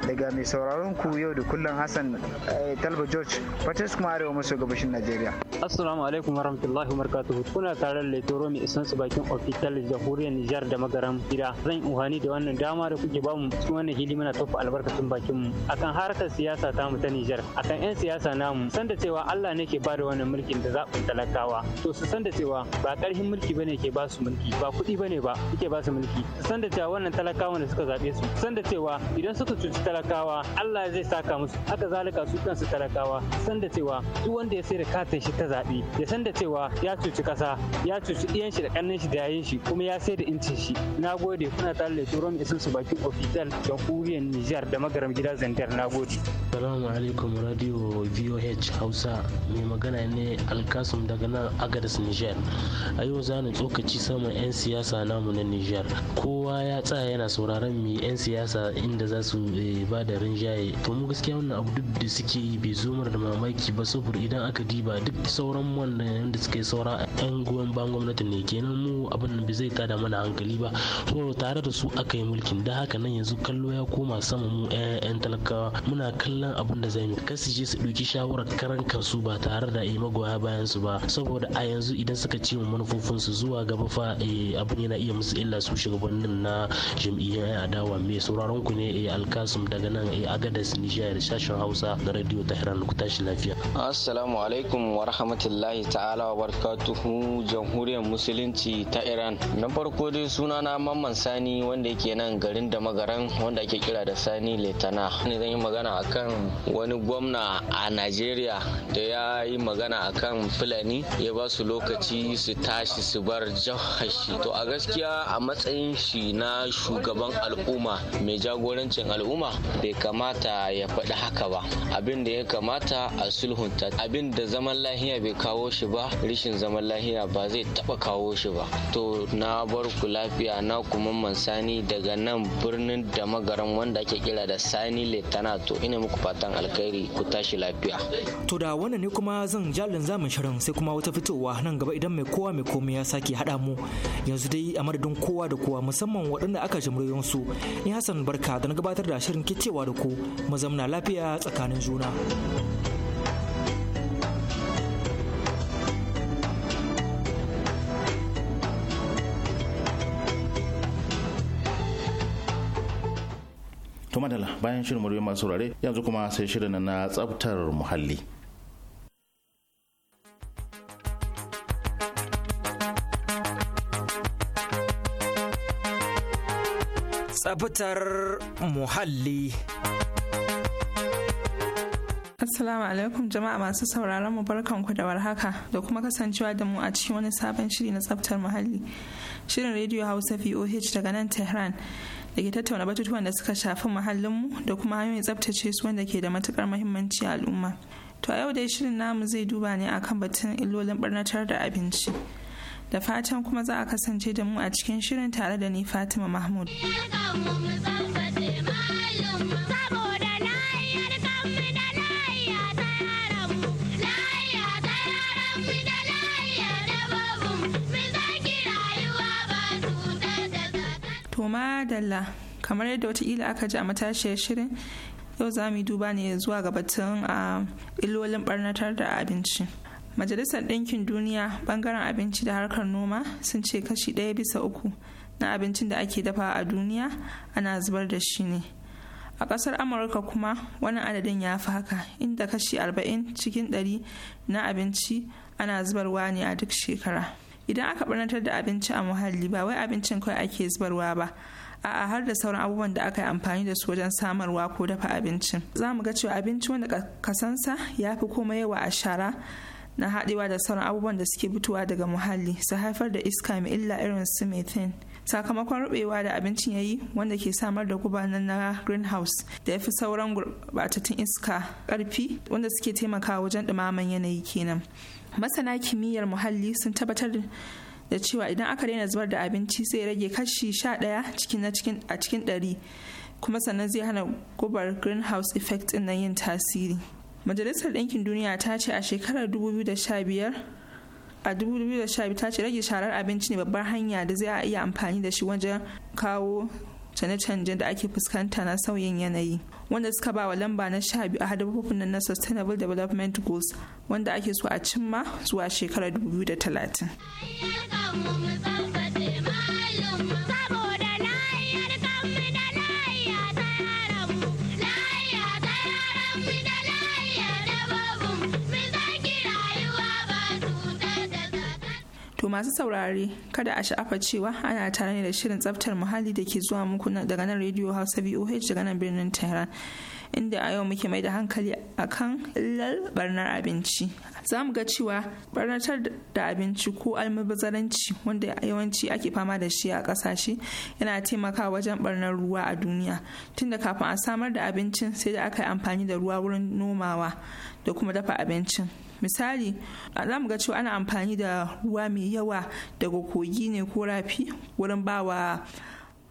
daga mai sauraron ku yau da kullum hassan eh, talba george fatas kuma arewa maso gabashin najeriya assalamu alaikum warahmatullahi wabarakatuhu kuna tare da letoro mai isan su bakin ofital jamhuriyar nijar da magaran gida zan uhani da wannan dama da kuke bamu cikin wannan hili muna tofa albarkacin bakin mu akan harkar siyasa ta mu ta nijar akan yan siyasa namu san da cewa allah ne ke ba da wannan mulkin da zaɓin talakawa to su san da cewa ba ƙarfin mulki bane ke ba su mulki ba kuɗi bane ba suke ba su mulki su san da cewa wannan talakawa da suka zaɓe su san da cewa idan suka cuci talakawa talakawa Allah zai saka musu haka zalika su kansu talakawa san da cewa duk wanda ya sayar da katin shi ta zaɓe ya san da cewa ya cuci ƙasa ya cuci ɗiyan shi da ƙannin shi da yayin shi kuma ya sayar da incin shi na gode kuna tare da turon isin su bakin ofisal da kuriyar Nijar da magaram gida zandar na gode. Salamu alaikum radio VOH Hausa mai magana ne Alkasum daga nan Agadis Nijar. A yau za ni tsokaci saman 'yan siyasa namu na Nijar. Kowa ya tsaya yana sauraron mai 'yan siyasa inda za su eh, ba da rinjaye to mu gaskiya wannan abu duk da suke yi bai zo da mamaki ba saboda idan aka diba duk sauran wannan da suka yi saura yan goyon ban gwamnati ne kenan mu abin da bai zai tada mana hankali ba saboda tare da su aka yi mulkin da haka nan yanzu kallo ya koma sama mu yan talakawa muna kallon abin da zai yi kasu je su ɗauki shawarar karan kansu ba tare da yi eh, magoya bayan su ba saboda a yanzu idan suka ce manufofinsu zuwa gaba fa eh, abin yana iya musu illa su shugabannin na jam'iyyar adawa mai sauraron ku ne eh, alkasum daga nan eh, agadas sashen hausa da radio tehran ku lafiya assalamu alaikum wa rahmatullahi ta'ala wa barakatuhu jamhuriyar musulunci ta iran na farko dai suna na mamman sani wanda yake nan garin da magaran wanda ake kira da sani letana ne zan yi magana akan wani gwamna a najeriya da ya yi magana akan fulani ya ba su lokaci su tashi su bar jihar shi to a gaskiya a matsayin shi na shugaban al'umma mai jagorancin al'umma bai kamata ya faɗi haka ba abin da ya kamata a sulhunta abin da zaman lahiya bai kawo shi ba rishin zaman lahiya ba zai taɓa kawo shi ba to na bar ku lafiya na kuma mansani daga nan birnin da magaran wanda ake kira da sani letana to ina muku fatan alkhairi ku tashi lafiya to da wannan ne kuma zan jalin zamin shirin sai kuma wata fitowa nan gaba idan mai kowa mai komai ya sake haɗa mu yanzu dai a madadin kowa da kowa musamman waɗanda aka jimriyon su ni hassan barka da na gabatar da shirin ke cewa da ku mu zamna lafiya tsakanin juna. To bayan shirin muryoyin masu saurare yanzu kuma sai shirin na tsabtar muhalli. tsabtar muhalli. Assalamu alaikum jama'a masu sauraron mu ku da warhaka da kuma kasancewa da mu a cikin wani sabon shiri na tsabtar muhalli. Shirin Radio Hausa VOH daga nan Tehran da ke tattauna batutuwan da suka shafi muhallinmu da kuma hanyoyin tsabtace su wanda ke da matukar muhimmanci a al'umma. To a yau dai shirin namu zai duba ne akan batun illolin barnatar da abinci. da fatan kuma za a kasance da mu a cikin shirin tare da ni fatima mahmud Toma Dalla kamar yadda watakila aka ji a matashiyar shirin yau za mu yi duba ne zuwa gabatun a ah, ilolin barnatar da abinci majalisar ɗinkin duniya ɓangaren abinci da harkar noma sun ce kashi ɗaya bisa uku na abincin da ake dafa a duniya ana zubar da shi ne a ƙasar amurka kuma wannan adadin ya fi haka inda kashi arba'in cikin ɗari na abinci ana zubarwa ne a duk shekara idan aka barnatar da abinci a muhalli ba wai abincin kawai ake zubarwa ba a'a har da sauran abubuwan da aka yi amfani da su wajen samarwa ko dafa abincin za mu ga cewa abinci wanda kasansa ya fi komai yawa a shara na haɗewa da sauran abubuwan da suke fitowa daga muhalli su haifar da iska mai illa irin su methane sakamakon rubewa da abincin yayi wanda ke samar da guba na greenhouse da ya fi sauran gurbatattun iska karfi wanda suke taimakawa wajen ɗumaman yanayi kenan masana kimiyyar muhalli sun tabbatar da cewa idan aka daina zubar da abinci sai rage kashi sha ɗaya a cikin ɗari kuma sannan zai hana gubar greenhouse effect ɗin nan yin tasiri majalisar ɗinkin duniya ta ce a shekarar 2015 a 2015 ta ce rage sharar abinci ne babbar hanya da zai a iya amfani da shi wajen kawo canje-canje da ake fuskanta na sauyin yanayi wanda suka ba wa lamba na sha a hadafofin na sustainable development goals wanda ake so a cimma zuwa shekarar 2030 To masu saurare kada a sha'afa cewa ana tare da shirin tsaftar muhalli da ke zuwa muku daga nan rediyo Hausa VOH daga nan birnin Tehran. inda a yau muke mai da hankali kan illar barnar abinci za mu ga cewa barnatar da abinci ko almubazaranci wanda yawanci ake fama da shi a ƙasashe yana taimaka wajen barnar ruwa a duniya tunda kafin a samar da abincin sai da aka yi amfani da ruwa wurin nomawa da kuma dafa abincin misali za mu ga cewa ana amfani da ruwa mai yawa daga kogi ne ko rafi wurin bawa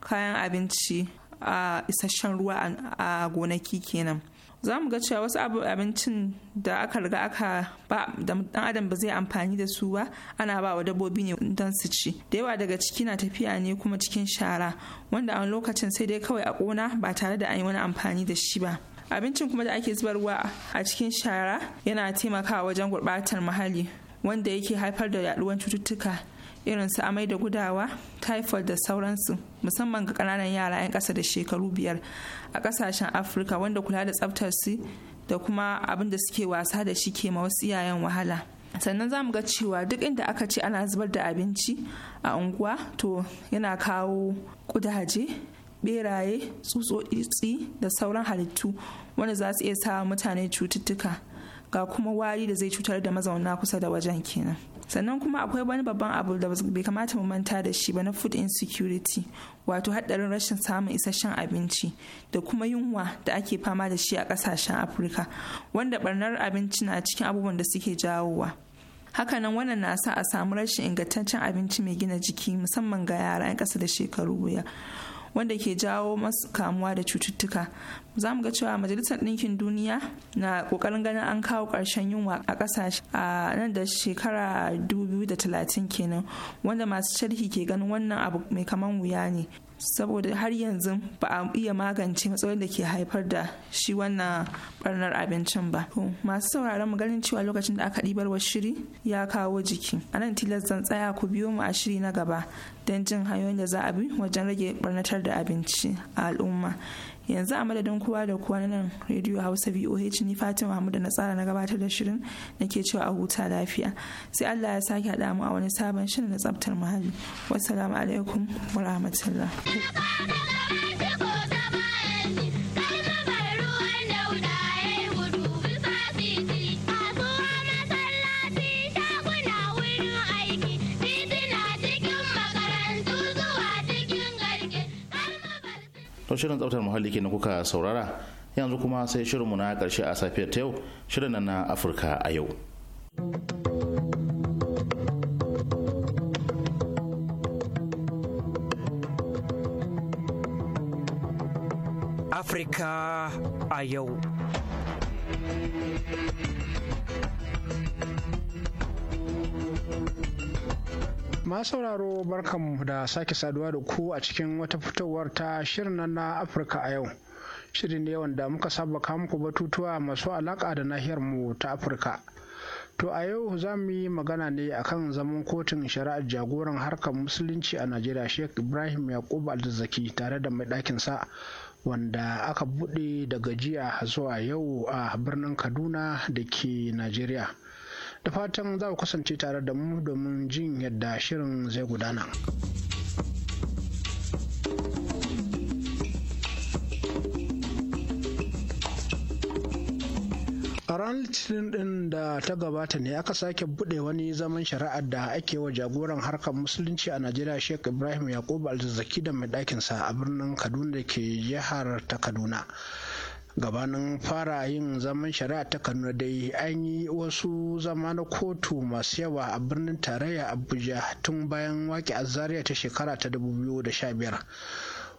kayan abinci a isasshen ruwa a gonaki kenan za mu ga cewa wasu abincin da aka riga aka ba dan adam ba zai amfani da su ba ana ba wa dabbobi ne don su ci da yawa daga ciki na tafiya ne kuma cikin shara wanda a lokacin sai dai kawai a kona ba tare da an yi wani amfani da shi ba abincin kuma da ake zubarwa a cikin shara yana taimakawa wajen gurbatar muhalli wanda yake haifar da yaduwar cututtuka irin su amai da gudawa typhoid da sauransu musamman ga kananan yara 'yan ƙasa da shekaru biyar a ƙasashen afirka wanda kula da tsaftar su da kuma abin da suke wasa da shi ke ma wasu iyayen wahala sannan za mu ga cewa duk inda aka ce ana zubar da abinci a unguwa to yana kawo kudaje beraye tsutsotsi da sauran halittu wanda za su iya sa mutane cututtuka ga kuma wari da zai cutar da mazauna kusa da wajen kenan sannan kuma akwai wani babban abu da bai kamata mu manta da shi ba na food insecurity wato haɗarin rashin samun isasshen abinci da kuma yunwa da ake fama da shi a ƙasashen afirka wanda barnar abinci na cikin abubuwan da suke jawowa hakanan wannan na sa a samu rashin ingantaccen abinci mai gina jiki musamman ga yara 'yan kasa da shekaru wuya wanda ke jawo masu kamuwa da cututtuka za mu ga cewa majalisar ɗinkin duniya na ƙoƙarin ganin an kawo ƙarshen yunwa a ƙasashe a nan da shekara 2030 kenan wanda masu sharhi ke ganin wannan abu mai kaman wuya ne saboda har yanzu ba a iya magance matsalolin da ke haifar da shi wannan barnar abincin ba masu sauraron mu ganin cewa lokacin da aka ɗibar wa shiri ya kawo jiki a nan tilas zan tsaya ku biyo mu a shiri na gaba don jin hanyoyin da za a bi wajen rage barnatar da abinci a al'umma yanzu a madadin kowa da kowa na nan rediyo hausa voh ni fatima da na tsara na gabatar da shirin na ke cewa a huta lafiya sai allah ya sake haɗa mu a wani sabon shirin na tsabtar muhalli wassalamu alaikum wa rahmatullah shirin tsaftar muhalli kenan kuka saurara yanzu kuma sai shirinmu na karshe a safiyar ta yau shirin na afirka a yau Afirka a yau. masu sauraro barkanmu da sake saduwa da ku a cikin wata fitowar ta shirin na afirka a yau shirin ne wanda muka saba kawo muku batutuwa masu alaƙa da nahiyar mu ta afirka to a yau za mu yi magana ne akan zaman kotun shari'ar jagoran harkar musulunci a najeriya sheikh ibrahim yakub alzaki tare da mai ɗakin sa wanda aka buɗe daga jiya zuwa yau a birnin kaduna da ke najeriya da fatan za ku kasance tare da mu domin jin yadda shirin zai gudana. a ranar litinin din da ta gabata ne aka sake buɗe wani zaman shari'ar da ake wa jagoran harkar musulunci a najeriya sheikh ibrahim yakubu alzazzaki da mai ɗakinsa a birnin kaduna da ke jihar ta kaduna gabanin fara yin zaman shari'a ta kano dai an yi wasu zama na kotu masu yawa a birnin tarayya abuja tun bayan wake azariya ta shekara ta 2015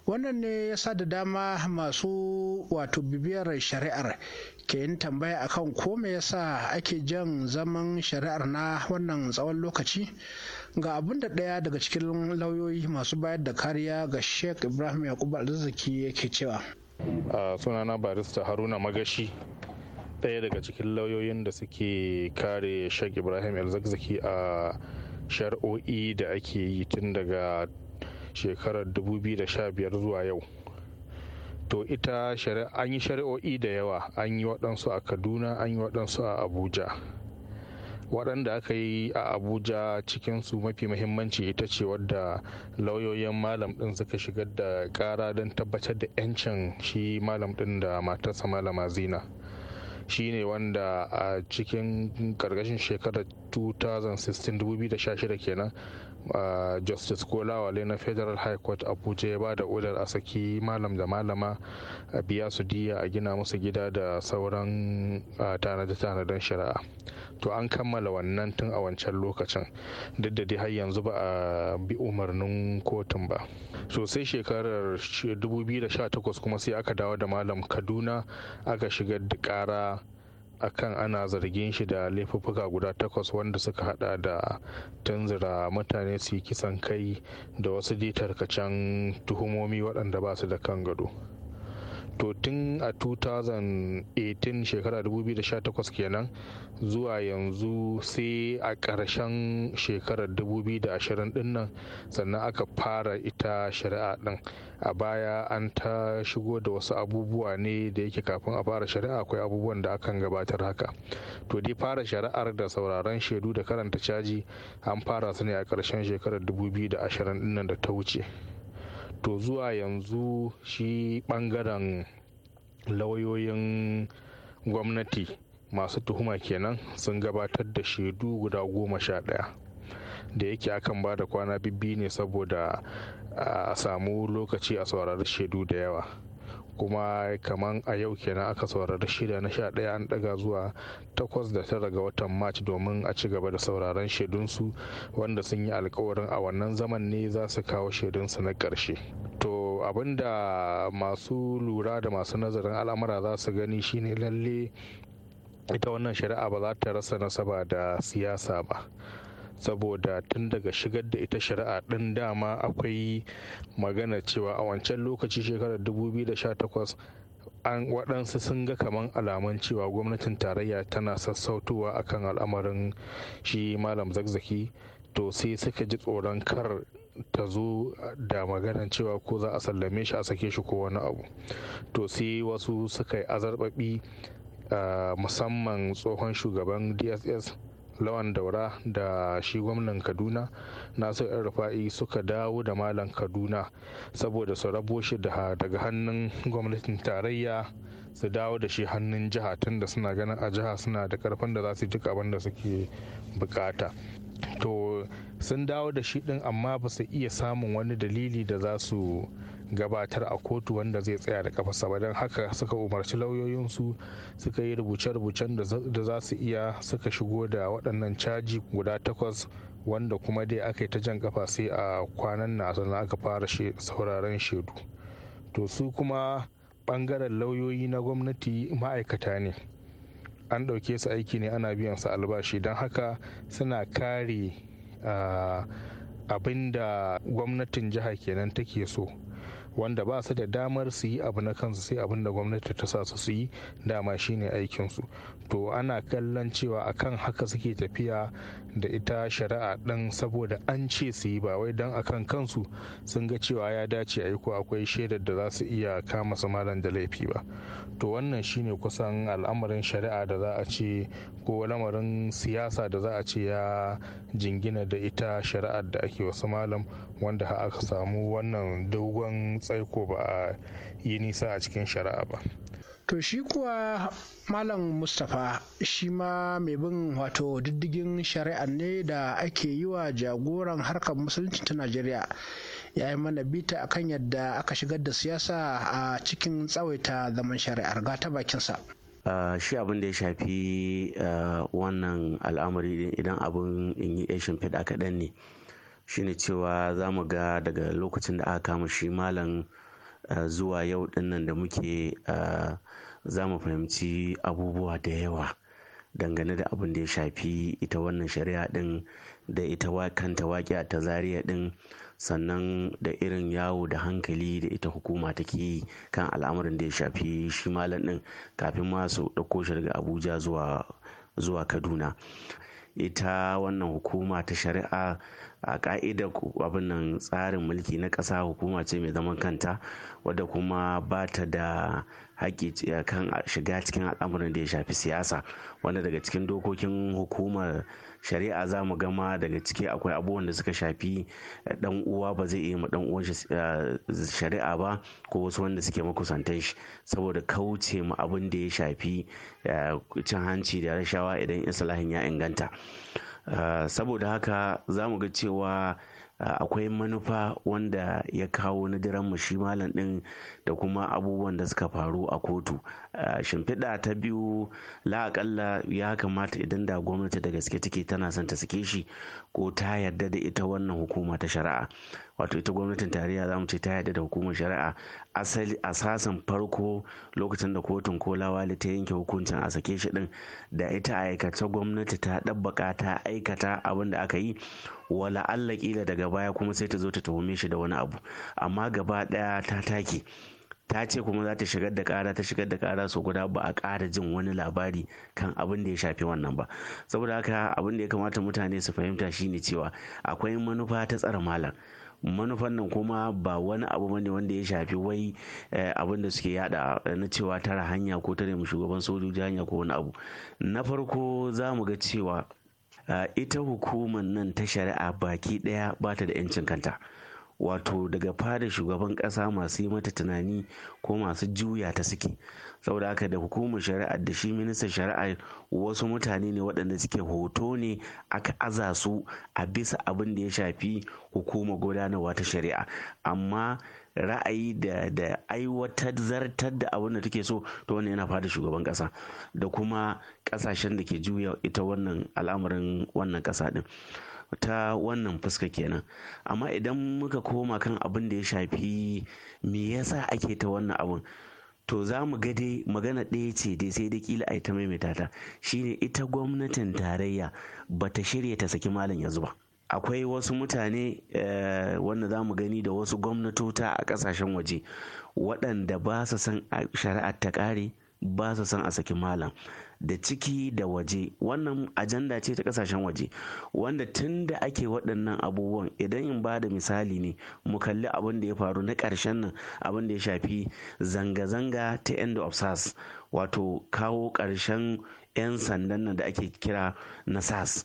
wannan ne ya sa da dama masu wato bibiyar shari'ar ke yin tambaya akan ko me yasa ake jan zaman shari'ar na wannan tsawon lokaci ga abin da ɗaya daga cikin lauyoyi masu bayar da kariya ga sheikh ibrahim yakubu arziki yake cewa a sunana barista haruna magashi ɗaya daga cikin lauyoyin da suke kare shag ibrahim elzakzaki a shari'o'i da ake yi tun daga shekarar 2015 zuwa yau to ita an yi shari'o'i da yawa an yi waɗansu a kaduna an yi waɗansu a abuja waɗanda aka yi a abuja cikinsu mafi muhimmanci ita ce wadda lauyoyin malam ɗin suka shigar da ƙara don tabbatar da 'yancin shi malam ɗin da matarsa malama zina ne wanda a cikin karkashin shekarar 2016-2016 kenan justice kolawale na federal high court abuja ya ba da odar a saki malam da malama a biya su diya a gina musu gida da sauran tanadi tanadin shari'a to an kammala wannan tun a wancan lokacin duk da dai har yanzu ba a bi umarnin kotun ba so sai shekarar 2018 kuma sai aka dawo da malam kaduna aka shiga kara akan ana zargin shi da laifuffuka guda takwas wanda suka hada da tunzura mutane su yi kisan kai da wasu tarkacen tuhumomi waɗanda ba su da kan gado to tun a 2018 shekara 2018 kenan zuwa yanzu sai a ƙarshen shekarar 2020 din sannan aka fara ita shari'a din a baya an ta shigo da wasu abubuwa ne da yake kafin a fara shari'a akwai abubuwan da akan gabatar haka to dai fara shari'ar da sauraron shaidu da karanta caji an fara su ne a ƙarshen shekarar 2020 din da ta wuce to zuwa yanzu shi bangaren lauyoyin gwamnati masu tuhuma kenan sun gabatar da shaidu guda goma sha ɗaya da yake akan ba da kwana bibbi ne saboda a samu lokaci a saurari shaidu da yawa kuma kamar a yau kenan aka saurari shida na sha ɗaya an ɗaga zuwa takwas da tara ga watan march domin a ci gaba da sauraron shaidunsu wanda sun yi alkawarin a wannan zaman ne za su kawo shaidunsu na ƙarshe to abinda masu lura da masu nazarin al'amura za su gani shine lalle ita wannan shari'a ba za ta rasa nasaba da siyasa ba saboda tun daga shigar da ita shari'a ɗin dama akwai magana cewa a wancan lokaci shekarar 2018 an waɗansu sun ga kaman alamun cewa gwamnatin tarayya tana sassautowa akan al'amarin shi malam zakzaki to sai suka ji tsoron kar ta zo da maganar cewa ko za a sallame shi a sake shi ko wani abu to sai wasu suka yi azarbaɓi ah, musamman tsohon shugaban dss lawan daura da shi gwamnan kaduna na so yan rufa'i suka dawo da malam kaduna saboda su rabo shi daga hannun gwamnatin tarayya su dawo da shi hannun jiha tun da suna ganin a jiha suna da karfin da za su duk abin da suke bukata to sun dawo da shi din amma ba su iya samun wani dalili da za su gabatar a kotu wanda zai tsaya da kafasaba don haka suka umarci lauyoyinsu suka yi rubuce-rubucen da za su iya suka shigo da waɗannan caji guda takwas wanda kuma dai aka yi ta jan kafa sai a kwanan na sannan aka fara sauraren shaidu to su kuma ɓangaren lauyoyi na gwamnati ma'aikata ne an ɗauke su aiki ne ana biyan su albashi don haka suna kare ah, abin da gwamnatin jiha kenan take so wanda ba su da damar su yi abu na kansu sai abin da gwamnati ta sa su su yi dama shine aikinsu to ana kallon cewa akan haka suke tafiya da ita shari'a ɗin saboda an ce su yi ba wai don akan kansu sun ga cewa ya dace a yi ko akwai shaidar da za su iya kama su malam da laifi ba to wannan shine kusan al'amarin shari'a da za a ce ko lamarin siyasa da za a ce ya jingina da ita shari'ar da ake wasu malam wanda aka samu wannan dogon tsaiko ba a yi nisa a cikin shari'a ba To shi kuwa Malam Mustapha shi ma mai bin wato diddigin shari'a ne da ake yi wa jagoran harkar musulunci ta Najeriya. ya yi mana bita a kan yadda aka shigar da siyasa a cikin tsawaita zaman shari'ar ga ta bakinsa shi abin da ya shafi wannan al'amari idan abin in yi ya shimfiɗa kaɗan ne shine cewa za mu ga daga lokacin da aka kama shi malam zuwa yau dinnan da muke za mu fahimci abubuwa da yawa dangane da abin da ya shafi ita wannan shari'a din da ita kanta waƙiya ta zariya ɗin. sannan da irin yawo da hankali da ita hukuma take yi kan al'amarin da ya shafi shi malam din kafin ma su ɗauko shi daga abuja zuwa kaduna ita wannan hukuma ta shari'a a ka'idar abin nan tsarin mulki na ƙasa hukuma ce mai zaman kanta wadda kuma ba ta da haƙƙi kan shiga cikin al'amuran da ya shafi siyasa wanda daga cikin dokokin hukumar shari'a za mu gama daga ciki akwai abubuwan da suka shafi dan uwa ba zai iya ma dan uwan eh, shari'a ba ko wasu wanda suke makusantan shi saboda kauce ma abin da ya shafi eh, cin hanci da rashawa idan islahin ya inganta Eh, saboda haka za mu ga cewa Ah, akwai manufa wanda ya kawo na mu shi malam ɗin da kuma abubuwan da suka faru a kotu ah, shimfiɗa ta biyu la'akalla ya kamata idan da gwamnati da gaske take tana son ta sake shi ko ta yarda da ita wannan hukuma ta shari'a wato ita gwamnatin tarayya za mu ce ta yarda da hukumar shari'a asali asasin farko lokacin da kotun ko lawali ta yanke hukuncin a sake shi ɗin. da ita aikace gwamnati ta ɗabbaka ta aikata abin da aka yi wala Allah kila daga baya kuma sai ta zo ta tuhume shi da wani abu amma gaba ɗaya ta take ta ce kuma za ta shigar da kara ta shigar da kara so guda ba a ƙara jin wani labari kan abin da ya shafi wannan ba saboda haka abin da ya kamata mutane su fahimta shine cewa akwai manufa ta tsara malam manufan nan kuma ba wani abu bane wanda ya shafi wai eh, abin da suke yada na cewa tara hanya ko tare mu shugaban sojoji hanya ko wani abu na farko za mu ga cewa Ah, ita hukumar nan ta shari'a baki ɗaya ba ta da 'yancin kanta wato daga fada shugaban ƙasa masu yi mata tunani ko masu juya ta suke saboda haka da hukumar shari'a da shi ministan shari'a wasu mutane ne waɗanda suke hoto ne aka aza su a bisa abin da ya shafi hukumar gudanarwa ta shari'a amma ra'ayi da da aiwatar zartar da abin da take so to wannan yana fada shugaban ƙasa, da kuma ƙasashen da ke juya ita wannan al'amarin wannan kasa ɗin ta wannan fuska kenan amma idan muka koma kan abin da ya shafi me yasa ake ta wannan abin to za mu ga dai magana ɗaya ce dai sai dai kila a yi ta maimaita ta shine ita gwamnatin tarayya bata shirya ta saki malam yanzu ba. akwai wasu mutane eh, wanda za mu gani da wasu gwamnatota a ƙasashen waje waɗanda ba su san shari'ar ta ƙare ba su san a saki malam da ciki da waje wannan ajanda ce ta kasashen waje wanda tun da ake waɗannan abubuwan idan in ba da misali ne mu kalli abin da ya faru na ƙarshen nan abin da ya shafi zanga-zanga ta end of sars wato kawo ƙarshen 'yan sandan nan da ake kira na sars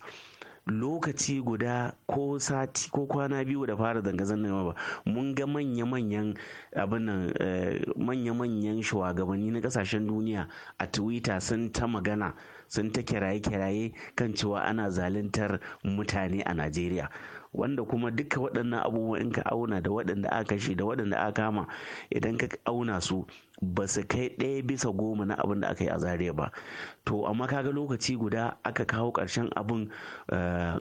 lokaci guda ko sati ko kwana biyu da fara zanga-zangar ba mun ga manya-manyan abinan eh, manya-manyan shugabanni na kasashen duniya a twitter sun ta magana sun ta kiraye-kiraye kan cewa ana zaluntar mutane a najeriya wanda kuma duka waɗannan abubuwa in ka auna da waɗanda aka kashe da waɗanda aka kama idan ka auna su ba su kai ɗaya bisa goma na abin da aka yi a zariya ba to amma ga lokaci guda aka kawo ƙarshen abin eh,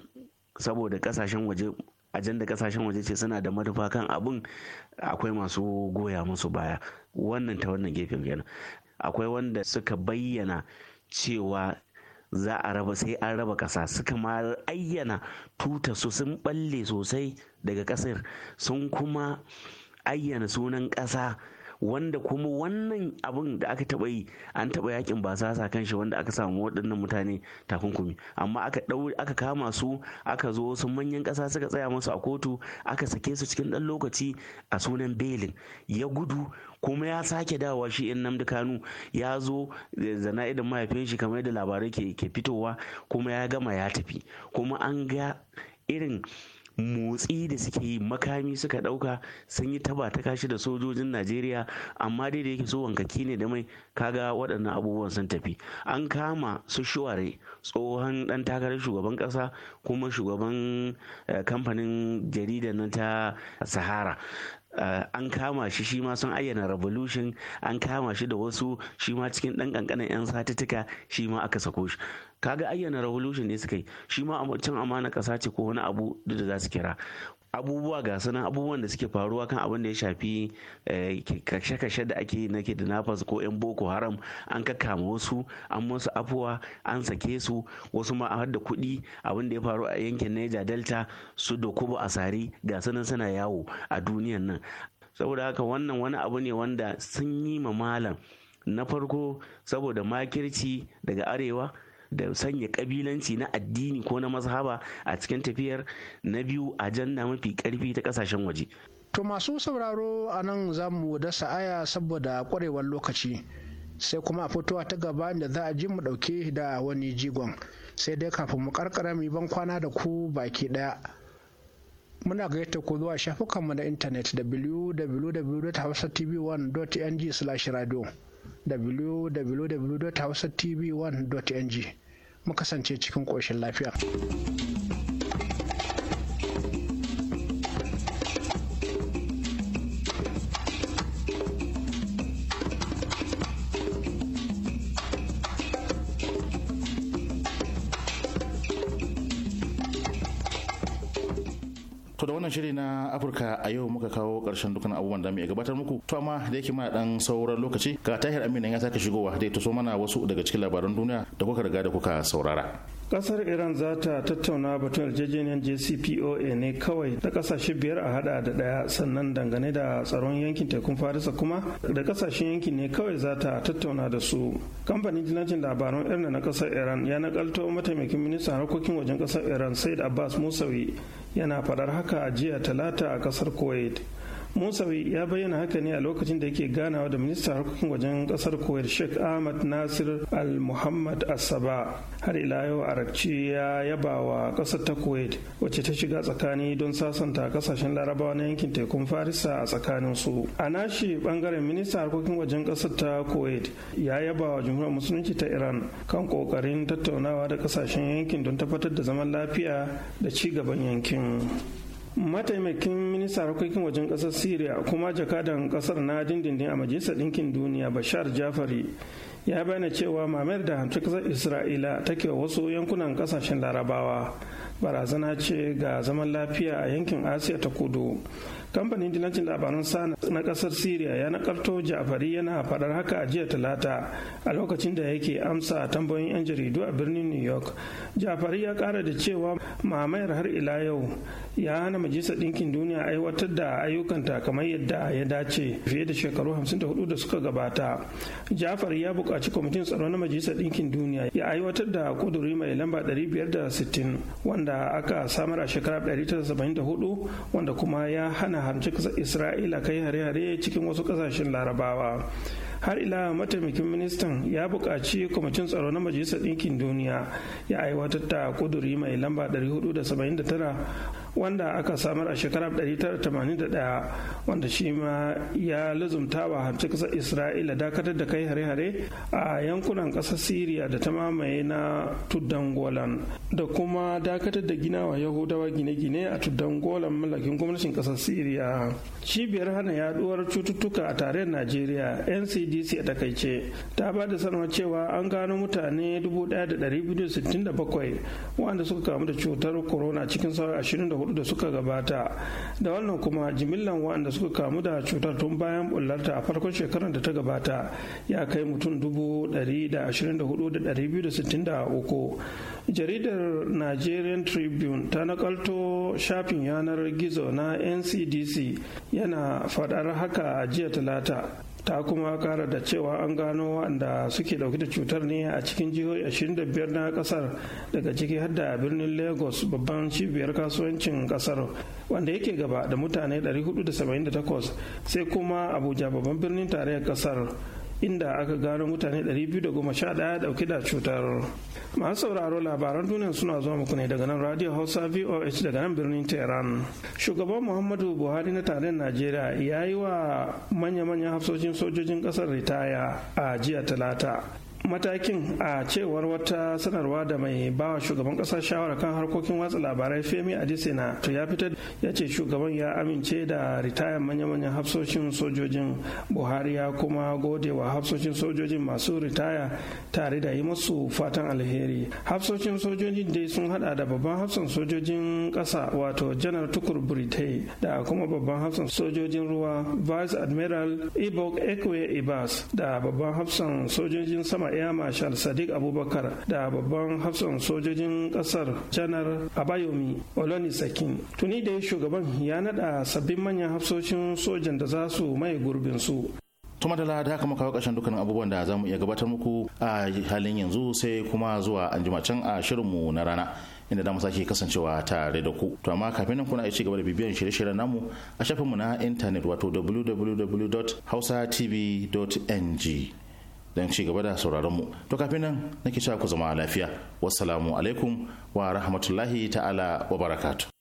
saboda ƙasashen waje ajanda ƙasashen waje ce suna da madafa kan abin akwai masu goya musu baya wannan ta wannan gefen kenan akwai wanda suka bayyana cewa za a raba sai an raba ƙasa suka ma ayyana tuta su sun ɓalle sosai daga ƙasar sun kuma ayyana sunan ƙasa wanda kuma wannan abin da aka taɓa yi an taɓa yakin sa kan shi wanda aka samu waɗannan mutane takunkumi amma aka aka kama su aka zo wasu manyan ƙasa suka tsaya musu a kotu aka sake su cikin ɗan lokaci a sunan belin ya gudu kuma ya sake dawa shi in namdi kanu ya zo zana idan mahaifin shi kamar yadda labarai ke fitowa kuma ya gama ya tafi kuma an ga irin motsi da suke yi makami suka ɗauka sun yi taba ta kashi da sojojin najeriya amma dai da yake so wankaki ne da mai kaga waɗannan abubuwan sun tafi an kama su shuware tsohon ɗan takarar shugaban ƙasa kuma shugaban eh, kamfanin jaridar nan ta sahara Uh, an kama shi shi ma sun ayyana revolution an kama shi da wasu shi ma cikin ɗan ƙanƙanin 'yan satuttuka shi ma aka sako shi kaga ayyana revolution ne suka yi shi ma can amana kasa ce ko wani abu da za su kira abubuwa ga abubuwan da suke faruwa kan abin da ya shafi eh, kashe-kashe da ake na kidnappers ko 'yan boko haram an kakkama wasu an musu afuwa an sake su wasu ma har da kuɗi abin da ya faru a yankin niger delta su da kubo asari ga sanan suna yawo a duniyan nan saboda haka wannan wani abu ne wanda sun yi ma malam na farko saboda makirci daga arewa da sanya kabilanci na addini ko na mazhaba a cikin tafiyar na biyu a ajanda mafi karfi ta kasashen waje to masu sauraro a nan za mu dasa aya saboda kwarewar lokaci sai kuma a fitowa ta gaba da za a ji mu dauke da wani jigon sai dai kafin mu karkara mu ban kwana da ku baki daya muna gayyata ku zuwa shafukanmu na intanet www.hausatv1.ng/radio www.hausatv1.ng mu kasance cikin ƙoshin lafiya. to da wannan shiri na afirka a yau muka kawo karshen dukkan abubuwan da muke gabatar muku to amma da yake muna dan sauran lokaci ga tahir amina ya sake shigowa da so mana wasu daga cikin labaran duniya da kuka riga da kuka saurara kasar iran za ta tattauna batun yarjejeniyar jcpoa ne kawai da kasashe biyar a hada da daya sannan dangane da tsaron yankin tekun farisa kuma da kasashen yankin ne kawai za ta tattauna da su kamfanin jinajin labaran irin na kasar iran ya nakalto mataimakin ministan harkokin wajen kasar iran said abbas musawi yana faɗar haka a jiya talata a ƙasar kuwait musawi ya bayyana haka ne a lokacin da yake ganawa da ministan harkokin wajen kasar koyar sheikh ahmad nasir al muhammad asaba har ila yau arakci ya yabawa wa kasar ta kuwait wacce ta shiga tsakani don sasanta kasashen larabawa na yankin tekun farisa a tsakanin su a nashi bangaren ministan harkokin wajen kasar ta kuwait ya yabawa wa jumhuriyar musulunci ta iran kan kokarin tattaunawa da kasashen yankin don tabbatar da zaman lafiya da ci gaban yankin mataimakin ministan harkokin wajen kasar syria kuma jakadan kasar na dindindin a majalisar ɗinkin duniya bashar jafari ya bayyana cewa mamayar da hantar kasar isra'ila take wasu yankunan kasashen larabawa barazana ce ga zaman lafiya a yankin asiya ta kudu kamfanin dilancin labaran sana na kasar syria ya nakarto jafari yana faɗar haka a jiya talata a lokacin da yake amsa tambayoyin 'yan jaridu a birnin new york jafari ya ƙara da cewa mamayar har ila yau ya hana majalisar ɗinkin duniya aiwatar da ayyukanta kamar yadda ya dace fiye da shekaru 54 da suka gabata jafari ya buƙaci kwamitin tsaro na majalisar ɗinkin duniya ya aiwatar da kuduri mai lamba 560 wanda aka samar a shekara 1974 wanda kuma ya hana hanci isra'ila kai hare-hare cikin wasu kasashen larabawa har ila mataimakin ministan ya buƙaci kwamitin tsaro na majalisar ɗinkin duniya ya aiwatar da kuduri mai lamba 479 wanda aka samar a shekarar 1981 wanda shi ma ya lazumta wa hamci kasar isra'ila dakatar da kai hare-hare a yankunan kasar Siriya da ta mamaye na tuddan golan da kuma dakatar da ginawa yahudawa gine-gine a tuddan golan mallakin gwamnatin kasar syria cibiyar hana yaduwar cututtuka a tarayyar najeriya ncdc a takaice ta ba da sanarwa cewa an gano mutane 1267 wanda suka kamu da cutar corona cikin sauran hudu da suka gabata da wannan kuma jimillan waɗanda suka kamu da cutar tun bayan bullarta a farkon shekarar da ta gabata ya kai mutum dubu ɗari da ashirin da hudu da ɗari biyu da sittin da uku jaridar nigerian tribune ta nakalto shafin yanar gizo na ncdc yana faɗar haka a jiya talata ta kuma kara da cewa an gano waɗanda suke dauke da cutar ne a cikin jihohi 25 na kasar daga ciki har da birnin lagos babban cibiyar kasuwancin kasar wanda yake gaba da mutane 478 sai kuma abuja babban birnin tarayyar kasar inda aka gano mutane 211 dauke da cutar masu sauraro labaran duniya suna zuwa muku ne daga nan radio hausa voh daga nan birnin tehran shugaban muhammadu buhari na tarayyar najeriya ya yi wa manya-manyan hafsoshin sojojin kasar ritaya a jiya talata matakin a cewar wata sanarwa da mai bawa shugaban kasa shawara kan harkokin watsa labarai femi Adisina to ya fitar ya ce shugaban ya amince da ritayar manya-manyan hafsoshin sojojin buhari ya kuma gode wa hafsoshin sojojin masu ritaya tare da yi musu fatan alheri hafsoshin sojojin dai sun hada da babban hafsan sojojin kasa wato janar tukur buritai da kuma babban hafsan sojojin ruwa vice admiral ibok ekwe ibas da babban hafsan sojojin sama ya marshal sadiq abubakar da babban hafsan sojojin kasar janar abayomi oloni sakin tuni da shugaban ya nada sabbin manyan hafsoshin sojan da za su mai gurbin su tuma da da haka kawo kashin dukkanin abubuwan da za mu iya gabatar muku a halin yanzu sai kuma zuwa anjima can a shirinmu na rana inda damu sake kasancewa tare da ku to amma kafin nan kuna ci cigaba da bibiyan shirye-shiryen namu a shafinmu na intanet wato www.hausatv.ng don ci gaba da sauraron mu to kafin nan nake cewa ku zama lafiya wassalamu alaikum wa rahmatullahi ta'ala wa barakatu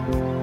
Thank you.